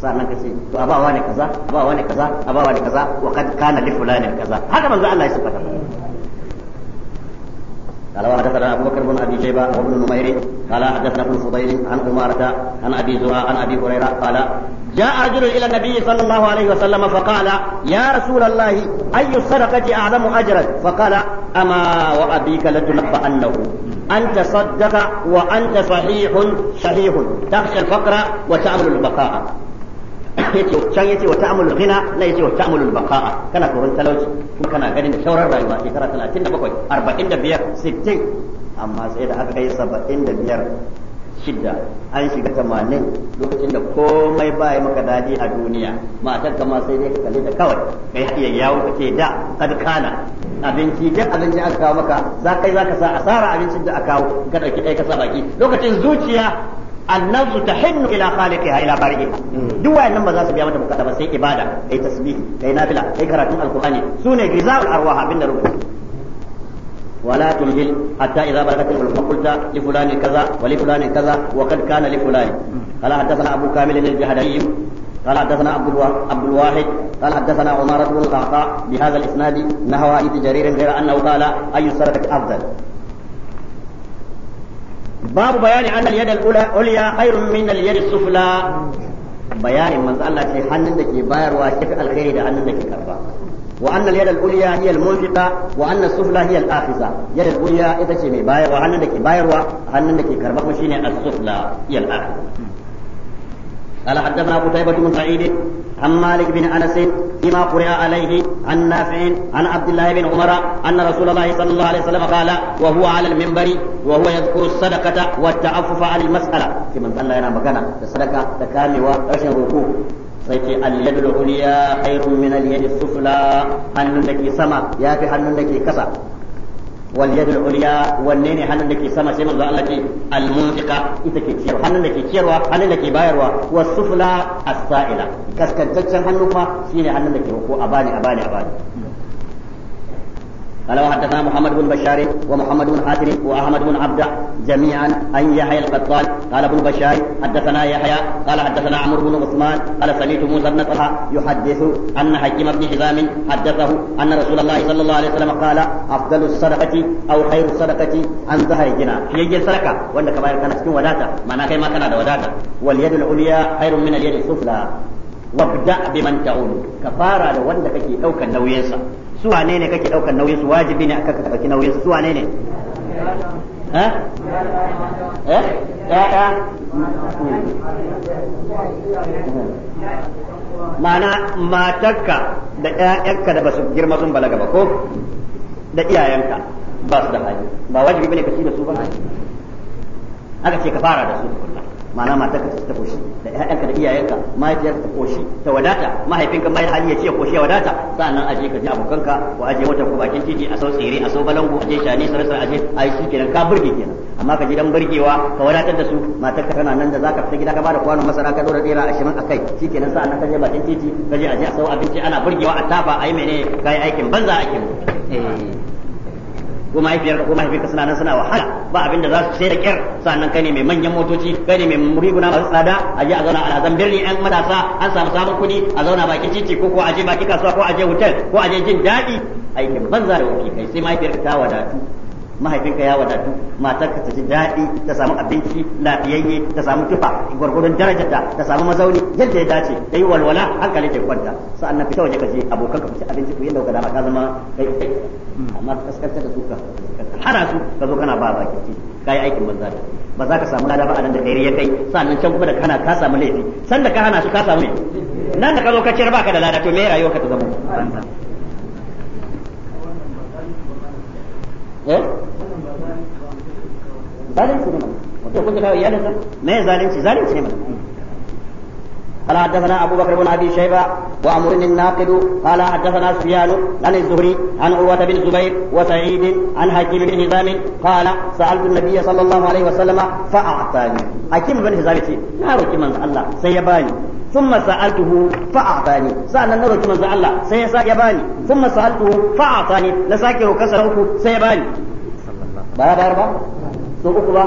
sannan ka ce to a ba wani kaza a ba wani kaza a ba wani kaza wa kad kana li fulanin kaza haka manzo Allah ya sifata قال وحدثنا ابو بكر بن ابي شيبه وابن نمير قال حدثنا ابن فضيل عن عمارة عن ابي زرع عن ابي هريره قال جاء رجل الى النبي صلى الله عليه وسلم فقال يا رسول الله اي الصدقه اعظم اجرا فقال اما وابيك لتنبأنه انت صدق وانت صحيح شحيح تخشى الفقر وتعمل البقاء yace can yace wa ta'amulul ghina na yace wa ta'amulul baqa'a kana koran talauci kuma kana ganin da shauran rayuwa shekara 37 45 60 amma sai da aka kai 75 shidda an shiga tamanin lokacin da komai ba ya maka dadi a duniya matar kama sai dai ka kalle ta kawai kai iya yawo kace ce da kad abinci da abinci aka kawo maka za kai za ka sa asara abincin da aka kawo ka dauki ɗaya ka sa baki lokacin zuciya annafsu tahinnu ila khaliqiha ila bari'iha duk wayannan ba za su biya mata bukata ba sai ibada kai tasbihi kai nafila kai karatun alqur'ani sune gizaul arwah abinda rubutu ولا تمهل حتى إذا بلغت الحلم قلت لفلان كذا ولفلان كذا وقد كان لفلان قال حدثنا أبو كامل الجهدي قال حدثنا عبد عبد الواحد قال حدثنا عمارة بن القعقاع بهذا الإسناد نحو حديث جرير غير أنه قال أي السرقة أفضل babu bayani annal yadal ulya khairun min al yadis sufla bayanin manzo Allah ce hannun da ke bayarwa ke fi alkhairi da hannun da ke karba wa annal yadal ulya hiya al munfiqa sufla hiya al akhiza yadal ita ce mai bayarwa hannun da ke bayarwa hannun da ke karba shine sufla al قال حدثنا قتيبة بن سعيد عن مالك بن انس فيما قرئ عليه عن نافع عن عبد الله بن عمر ان رسول الله صلى الله عليه وسلم قال وهو على المنبر وهو يذكر الصدقة والتعفف عن المسألة كما قال لنا مكانا الصدقة تكامل ورشن ركوع sai al-yadul ulya khairun min al-yadi sufla hannun da ke sama yafi hannun da ke kasa wal yadul ulya wanne ne hannun da ke sama sai manzo Allah ce al munfiqa ita ke ciyarwa hannun da ke ciyarwa hannun da ke bayarwa was sufla as sa'ila kaskantaccen kuma shi ne hannun da ke ko a bani a قال وحدثنا محمد بن بشار ومحمد بن حاتم واحمد بن عبد جميعا عن يحيى القطان قال ابن بشار حدثنا يحيى قال حدثنا عمرو بن عثمان قال سمعت موسى بن طلحه يحدث ان حكيم بن حزام حدثه ان رسول الله صلى الله عليه وسلم قال افضل الصدقه او خير الصدقه عن ظهر جنا في الصدقه وانك باير كانت cikin wadata ma'ana kai ma كان da wadata wal yadul ulya khairun min al yadis sufla wabda biman ta'ud ka fara da su wane ne kake daukar nauyin su wajibi ne akan ka dauki nauyin su wane ne eh eh ya ma'ana matarka da ƴaƴanka da basu girma sun balaga ba ko da iyayenka ba su da hali ba wajibi bane ka ci da su ba haka ce ka fara da su kullum ma'ana matarka ta koshi da ƴaƴanka da iyayenka mahaifiyarka ta koshi ta wadata mahaifinka mai hali ya ce ya koshi ya wadata nan aje ka je abokanka ko aje wata ko bakin titi a sau tsere a sau balangu aje shani sarasar aje a yi kenan ka burge kenan amma ka je dan burgewa ka wadatar da su matarka tana nan da zaka fita gida ka bada kwano masara ka dora dera ashirin a kai kenan sa'annan ka je bakin titi ka je aje a sau abinci ana burgewa a tafa a yi mene kai aikin banza aikin eh ko mahaifiyarka ko mahaifinka suna nan suna wahala ba abinda za su sai da kyar sannan kai ne mai manyan motoci kai ne mai riguna masu tsada a je a zauna a zan birni an matasa an samu sabon kuɗi a zauna baki titi ko ko a je baki kasuwa ko a je hotel ko a je jin daɗi aikin banza da wofi kai sai mahaifiyarka ta wadatu mahaifinka ya wadatu matarka ta ji daɗi ta samu abinci lafiyayye ta samu tufa gwargwadon darajarta ta samu mazauni yadda ya dace da yi walwala hankali ke kwanta sa'an nan fita waje ka je abokan ka fice abinci ku yadda ka dama ka zama kai kai amma ka kaskantar da su ka hana su ka zo kana ba ba baki ci ka yi aikin banza da ba za ka samu lada ba a nan da kairi ya kai sa'an nan can kuma da kana ka samu laifi sanda ka hana su ka samu ne nan da ka zo ka ciyar baka da lada to me rayuwarka ta zama banza eh zalunci ne mana mutum kun kawo iyalinsa me zalunci zalunci ne قال حدثنا أبو بكر بن أبي شيبة وامر الناقد قال حدثنا سفيان عن الزهري عن عروة بن الزبير وسعيد عن حكيم بن هزام قال سألت النبي صلى الله عليه وسلم فأعطاني حكيم بن هزام نار كمان الله سيباني ثم سألته فأعطاني سألنا نروك من الله سيسا يباني ثم سألته فأعطاني لساكر كسره سيباني بلا بلا بلا sun uku ba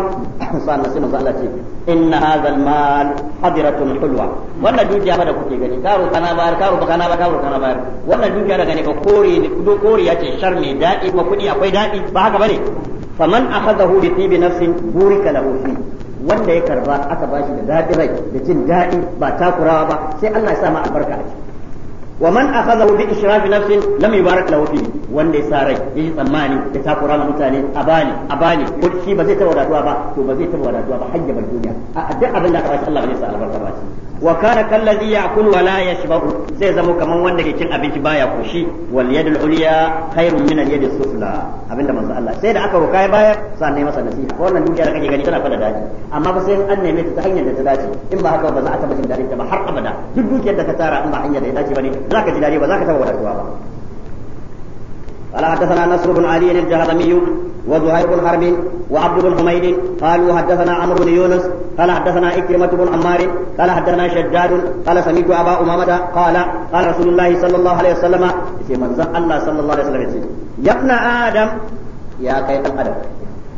sannan *coughs* sai manzo Allah ce inna hadha al-mal hadiratun hulwa wannan dukiya ba kuke gani karo kana bayar karo ba kana ba karo kana bayar wannan dukiya da gani ka kore ne kudo kore ya ce shar kuma akwai ba haka wanda ya karba aka bashi da daɗi rai da jin daɗi ba takurawa ba sai Allah ya samu albarka a ciki wa man akhadahu bi ishrafi nafsin lam yubarak lahu fi wanda ya sa sarai yayi tsammani da takura ma mutane a bani a bani ko shi ba zai taba wadatuwa ba to ba zai taba wadatuwa ba hajjaba duniya a duk abin da aka bashi Allah ba zai sa albarka ba shi wa kana kallazi wala wa la yashba'u zai zama kaman wanda ke cin abinci baya koshi wal yadul ulya khairun min al yadi sufla abinda manzo Allah sai da aka roka ya bayar sannan ya masa nasiha wannan dukiya da kake gani tana fada daji amma ba sai an neme ta hanyar da ta dace in ba haka ba za a taba jin dadin ta ba har abada duk dukiyar da ka tara in ba hanyar da ya dace bane zaka ji dadi ba zaka taba wadatuwa ba قال حدثنا نصر بن علي الجهضمي وزهير بن حرب وعبد بن حميد قالوا حدثنا عمرو بن يونس قال حدثنا إكرمة بن عمار قال حدثنا شداد قال سمعت أبا أمامة قال قال رسول الله صلى الله عليه وسلم الله صلى الله عليه وسلم يا ابن آدم يا كيف آدم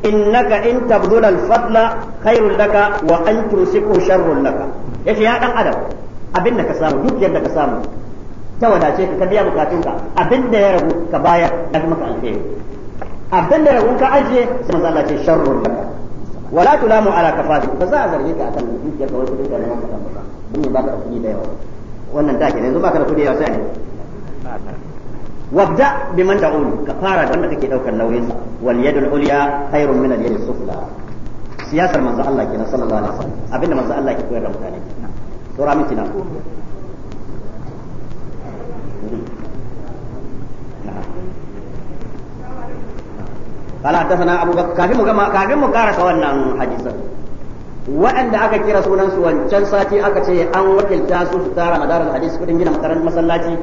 إنك إن تبذل الفضل خير لك وأن تمسكه شر لك يا أدم أدم أبنك سامو جد لك سامو ta wadace ka ka biya bukatunka abin da ya ragu ka bayar ya kuma ka alheri abin da ya rabu ka ajiye sai manzo Allah ce sharrun laka wala tulamu ala kafati ba za a zarge ka akan dukiyar ka wani kudin ka ne maka kan ba mun ba ka kudi da yawa wannan da ke yanzu ba ka da kudi yawa sai ne wabda biman ta'ulu ka fara da wanda kake daukar nauyinsa wal yadul ulya khairun min al yadis sufla siyasar manzo Allah kenan sallallahu alaihi wasallam abinda manzo Allah ke koyar da mutane sura mintina قال حدثنا ابو بكر كافي مغما كافي مغارك wannan hadisan waɗanda aka kira sunan su wancan sati aka ce an wakilta su su tara madarar hadis kudin gina makarantar masallaci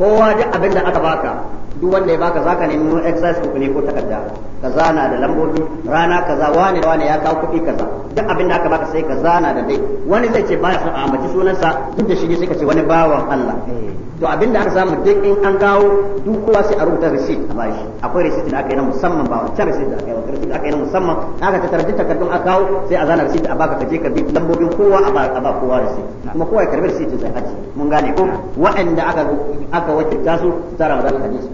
kowa duk abin da aka baka duk wanda ya baka zaka nemi mun exercise ko ne ko takarda ka zana da lambobi rana kaza wani da wani ya kawo kuɗi kaza duk abin da aka baka sai ka zana da dai wani zai ce baya son a ambaci sunansa duk da shi ne sai ka ce wani bawan Allah eh. to abin da aka samu duk in an kawo duk kowa sai a rubuta receipt a bashi akwai receipt da aka yi na musamman ba wancan receipt da aka yi receipt da aka yi na musamman aka ta tarbi takardun aka kawo sai a zana receipt a baka ka je ka bi lambobin kowa a ba kowa receipt kuma kowa ya karbi receipt zai aji mun gane ko waɗanda aka aka wakilta su tara da hadisi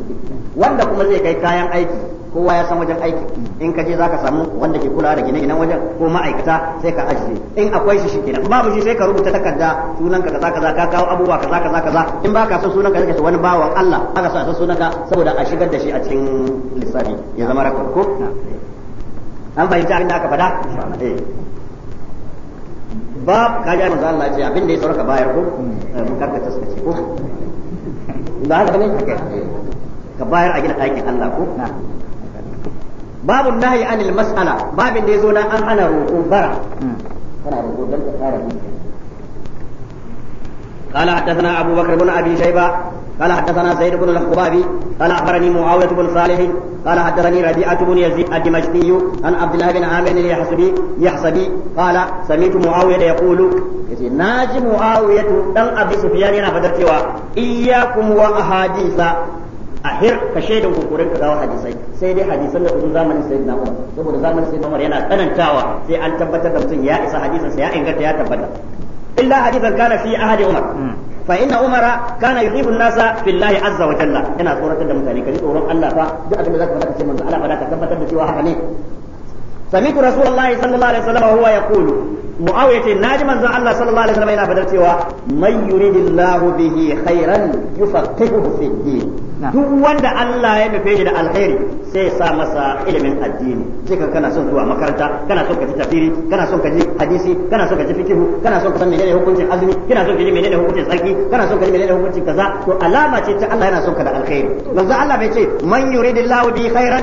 wanda kuma zai kai kayan aiki kowa ya san wajen aiki in ka je zaka samu wanda ke kula da gine-ginen wajen ko ma'aikata sai ka ajiye in akwai shi kenan babu shi sai ka rubuta takarda sunan ka kaza kaza ka kawo abubuwa kaza kaza kaza in baka son sunan ka kace wani bawan Allah aka sa sunan ka saboda a shigar da shi a cikin lissafi ya zama rakon ko an fahimta abin da aka faɗa eh. ba ka ji manzo Allah ce abin da ya sauraka bayar ko eh, mun karkata suka ce ko ba haka ne ka bayar a gina ɗakin Allah ko babu nahyi anil mas'ala babin da yazo na an hana roƙo bara kana roƙo don ka fara قال حدثنا أبو بكر بن أبي شيبة قال حدثنا زيد بن الخبابي قال أخبرني معاوية بن صالح قال حدثني ربيعة بن يزيد الدمشقي عن عبد الله بن عامر اليحسبي يحسبي قال سمعت معاوية يقول ناجي معاوية دم أبي سفيان أنا إياكم وأحاديث ahir ka shaidan kokorin ka gawo hadisai sai dai hadisan da kudu zamanin na Umar saboda zamanin sai Umar yana tsanantawa sai an tabbatar da mutum ya isa hadisan sai ya inganta ya tabbata illa hadisan kana fi ahadi Umar hmm. fa inna Umar kana yuhibbu an-nasa billahi azza wa jalla yana tsoratar da mutane kaji tsoron Allah fa duk abin da zaka faɗa ce manzo Allah fa ka tabbatar da cewa haka ne ku rasulullahi sallallahu alaihi wasallam huwa yaqulu muawiya ce naji manzon Allah sallallahu alaihi wasallam yana fadar cewa may yuridillahu bihi khairan yufaqihuhu fi din duk wanda Allah ya nufe shi da alkhairi sai ya sa ilimin addini sai ka kana son zuwa makaranta kana son ka ji tafsiri kana son ka ji hadisi kana son ka ji fiqh kana son ka san menene hukuncin azumi kana son ka ji menene hukuncin tsaki kana son ka ji menene hukuncin kaza to alama ce ta Allah yana son ka da Allah bai ce man yuridillahu bihi khairan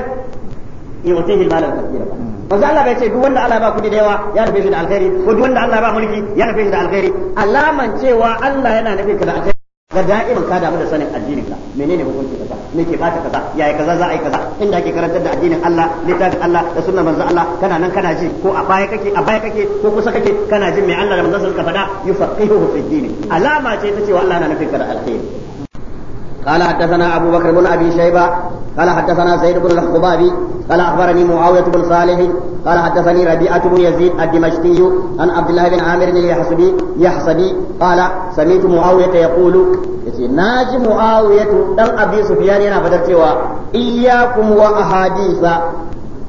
manzo Allah bai ce duk wanda Allah ba kudi da yawa ya nufe shi da alkhairi ko duk wanda Allah ba mulki ya nufe shi da alkhairi alaman cewa Allah yana nufe ka da alkhairi ga ka damu da sanin addinin ka menene hukunci kaza me ke bata kaza yayi kaza za a yi kaza inda ake karantar da addinin Allah littafin Allah da sunnar manzo Allah kana nan kana ji ko a baya kake a baya kake ko kusa kake kana jin me Allah da manzo suka faɗa yufaqihuhu fi din alama ce ta cewa Allah yana nufin ka da alkhairi قال حدثنا أبو بكر بن أبي شيبة قال حدثنا زيد بن الخضابي قال أخبرني معاوية بن صالح قال حدثني ربيعة بن يزيد الدمشقي عن عبد الله بن عامر اليحسبي يحسبي قال سمعت معاوية يقول ناجي معاوية دم أبي سفيان أنا بدرت إياكم وأحاديث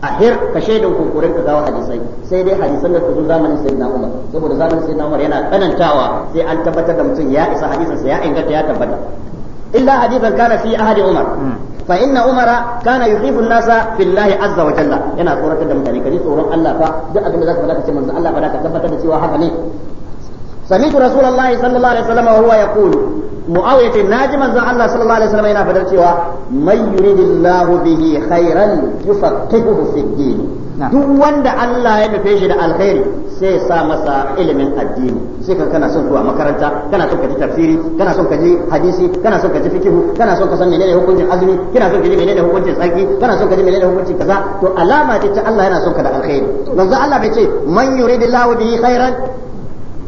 ahir ka shaidan kunkurin ka gawa hadisai sai dai hadisan da zo zamanin sayyidina Umar saboda zamanin sayyidina Umar yana tsanantawa sai an tabbatar da mutum ya isa hadisin sa ya inganta ya tabbata إلا حديثا كان في أهل عمر فإن عمر كان يحب الناس في الله عز وجل yana tsoratar da mutane kaji tsoron Allah fa duk abin da zaka faɗa kace manzo Allah faɗa ka tabbatar da cewa haka ne سمعت رسول الله صلى الله عليه وسلم وهو يقول معاوية ناجما الله صلى الله عليه وسلم ينافذ من يريد الله به خيرا يفقهه في الدين duk wanda Allah ya nufe shi da alkhairi sai ya sa masa ilimin addini sai ka kana son zuwa makaranta kana son ka ji tafsiri kana son ka ji hadisi kana son ka ji fikihu kana son ka san menene hukuncin azumi kana son ka ji menene hukuncin tsaki kana son ka ji menene hukuncin kaza to alama ce ta Allah yana son ka da alkhairi manzo Allah bai ce man yuridillahu bihi khairan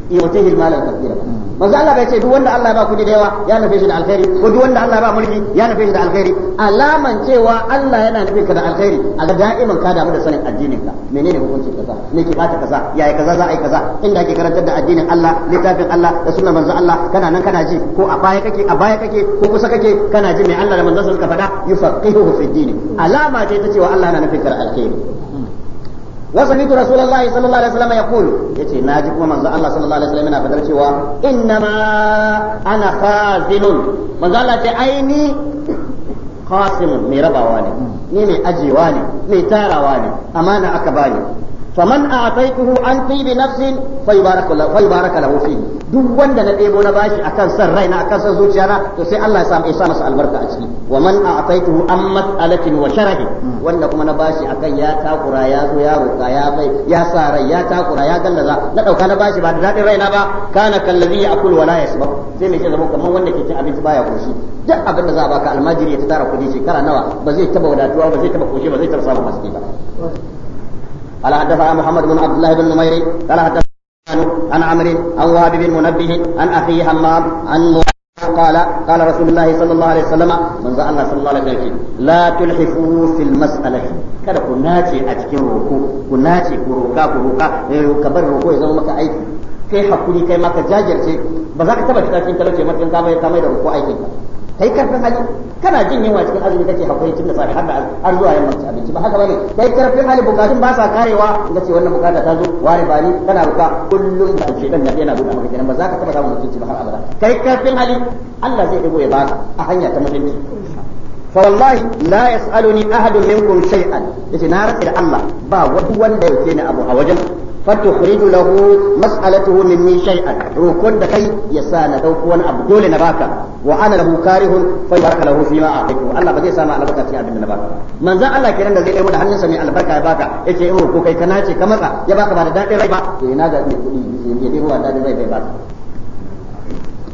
yu'tihi al-mala kathira manzo Allah bai ce duk wanda Allah ba kudi da yawa ya nufe shi da alkhairi ko duk wanda Allah ba mulki ya nufe shi da alkhairi alaman cewa Allah yana nufin ka da alkhairi a ga da'iman ka damu da sanin addinin ka menene hukuncin kaza me ke bata kaza yayi kaza za a yi kaza inda ake karantar da addinin Allah littafin Allah da sunnar manzo Allah kana nan kana ji ko a baya kake a baya kake ko kusa kake kana ji me Allah da manzo suka faɗa yufaqihuhu fi dini alama ce ta cewa Allah yana nufin ka da alkhairi وسمعت رسول الله صلى الله عليه وسلم يقول يتي ناجي كما منزل الله صلى الله عليه وسلم فدر cewa انما انا خازن منزل الله ce aini qasim mai rabawa ne ni mai ajewa ne mai tarawa ne amana faman a'taituhu an tibi nafsin fayubarak lahu fayubarak lahu fi duk wanda na debo na bashi akan san raina akan san zuciyana to sai Allah ya samu isa masa albarka a ciki wa man a'taituhu an mas'alatin wa sharahi wanda kuma na bashi akan ya takura ya zo ya roka ya bai ya sa rai na dauka na bashi ba da dadin raina ba kana kallazi akul wala yasba sai mai zama kamar wanda ke cin abinci baya koshi duk abin da za a almajiri ya tara kudi shekara nawa ba zai taba wadatuwa ba zai taba koshi ba zai ba قال حدثنا محمد بن عبد الله بن نمير قال حدثنا عن عمرو عن وهب بن منبه عن اخيه همام عن قال قال رسول الله صلى الله عليه وسلم من ذا الله صلى الله عليه وسلم لا تلحفوا في المسألة kada ku nace a cikin roko ku nace ku roka ku roka ka bar roko ya zama maka aiki kai hakuri kai ka jajirce ba za ka taba fita talauci maka kan kamai da roko aikin kai karfin hali kana jin yunwa cikin azumi kake hakuri tun da safe har da har zuwa yamma ci abinci ba haka bane kai karfin hali bukatun ba sa karewa in ce wannan bukata ta zo ware ba ni kana buka kullum da shi dan yana buka maka kenan ba za ka taba samun mutunci ba har abada kai karfin hali Allah zai dago ya baka a hanya ta mutunci فوالله لا يسألني أحد منكم شيئا يتي نارك إلى الله با ودوان دا يتيني أبو أوجل فتخرج له مسألته مني شيئا ركن دكي يسال دوك وانا أبدول نباكا وأنا له كاره فيبارك له فيما أعطيته الله بدي سامع البركة في أبن نباكا من ذا الله كيران زي لمدة هن سمي البركة يباكا إيكي إمرو كوكي كناتي كمرا يباكا بعد ذات ريبا ينادى من كل يديه هو ذات ريبا يباكا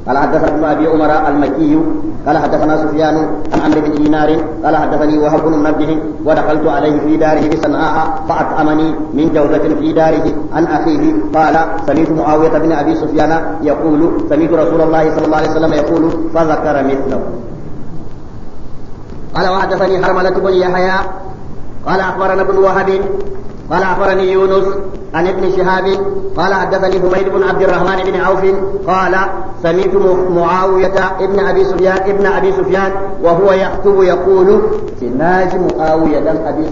قال حدثنا ابن ابي عمر المكي قال حدثنا سفيان عن عمرو بن دينار قال حدثني وهب بن منبه ودخلت عليه في داره بصنعاء فاطعمني من جوزة في داره عن اخيه قال سمعت معاويه بن ابي سفيان يقول سمعت رسول الله صلى الله عليه وسلم يقول فذكر مثله قال وحدثني حرملة بن يحيى قال اخبرنا ابن وهب قال أخبرني يونس عن ابن شهاب قال حدثني حميد بن عبد الرحمن بن عوف قال سمعت معاوية ابن أبي سفيان ابن أبي سفيان وهو يخطب يقول ce na ji muawiya dan abi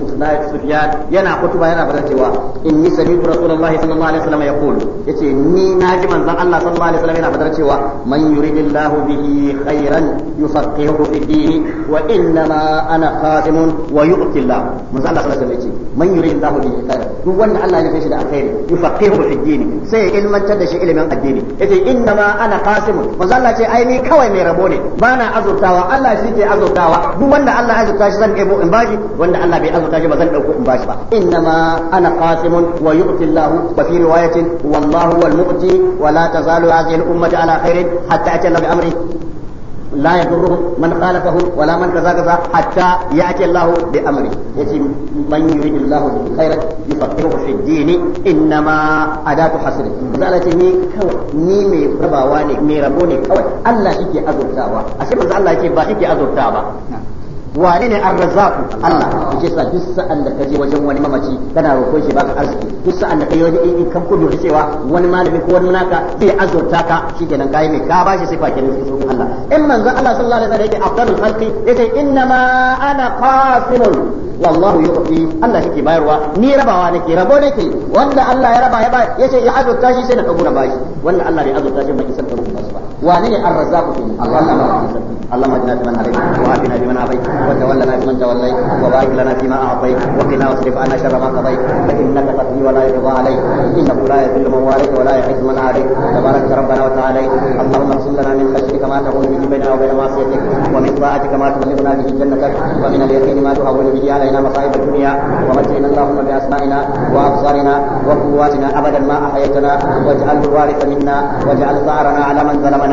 sufyan yana kutuba yana fara cewa inni sami'tu rasulullahi sallallahu alaihi wasallam yaqulu yace ni na ji manzon Allah sallallahu alaihi wasallam yana fara cewa man yuridillahu bihi khairan yufaqihuhu fi dini wa inna ma ana khatimun wa yu'ti Allah manzon Allah sallallahu alaihi wasallam yace man yuridillahu bihi khairan duk wanda Allah ya shi da alkhairi yufaqihuhu fi dini sai ilmantar da shi ilimin addini yace inna ma ana qasimun manzon Allah ce ai ni kawai mai rabo ne bana azurtawa Allah shi ke azurtawa duk wanda Allah azurta shi zan ɗebo in bashi wanda Allah bai azurta shi ba zan ɗauko in bashi ba innama ana qasimun wa yu'ti Allahu wa fi riwayatin wallahu wal mu'ti wa la tazalu hadhihi al ummati ala khairin hatta ata bi amri لا يضرهم من خالفه ولا من كذا حتى ياتي الله بامره يتي من يريد الله به خيرا يفقهه في الدين انما اداه حسر زالت ني كو ني مي رباوا مي ربو كو الله يكي ازرتاوا اشي الله يكي با يكي ازرتاوا wane ne arrazaku Allah ya ce sa duk sa'an da kaje wajen wani mamaci kana roƙon shi baka arziki duk sa'an da kai wani in kan kudu da cewa wani malami ko wani naka zai azurta ka shikenan kai mai ka bashi sai fakin sunan Allah in manzo Allah sallallahu alaihi wasallam yake afdalul khalqi yace inna ma ana qasimun wallahu yu'ti Allah shi ke bayarwa ni rabawa nake rabo nake wanda Allah ya raba ya ba yace ya azurta shi sai na kabu na bashi wanda Allah ya azurta shi mai isan kabu bashi wane ne ar-razzaq fi Allah ma Allah ma jinna man alayk wa atina biman abayt wa tawallana biman wa lana fima wa qina wasrif anna sharra ma fa innaka taqdi wa la la man wa la man tabarak rabbana wa ta'ala Allahumma lana min taqulu bayna wa bayna ma'siyatik wa min jannatak wa min al-yaqini ma bihi masa'ib ad-dunya wa Allahumma bi asma'ina wa absarina wa quwwatina abadan ma ahyaytana waj'al الوارث منا واجعل ثارنا على من ظلمنا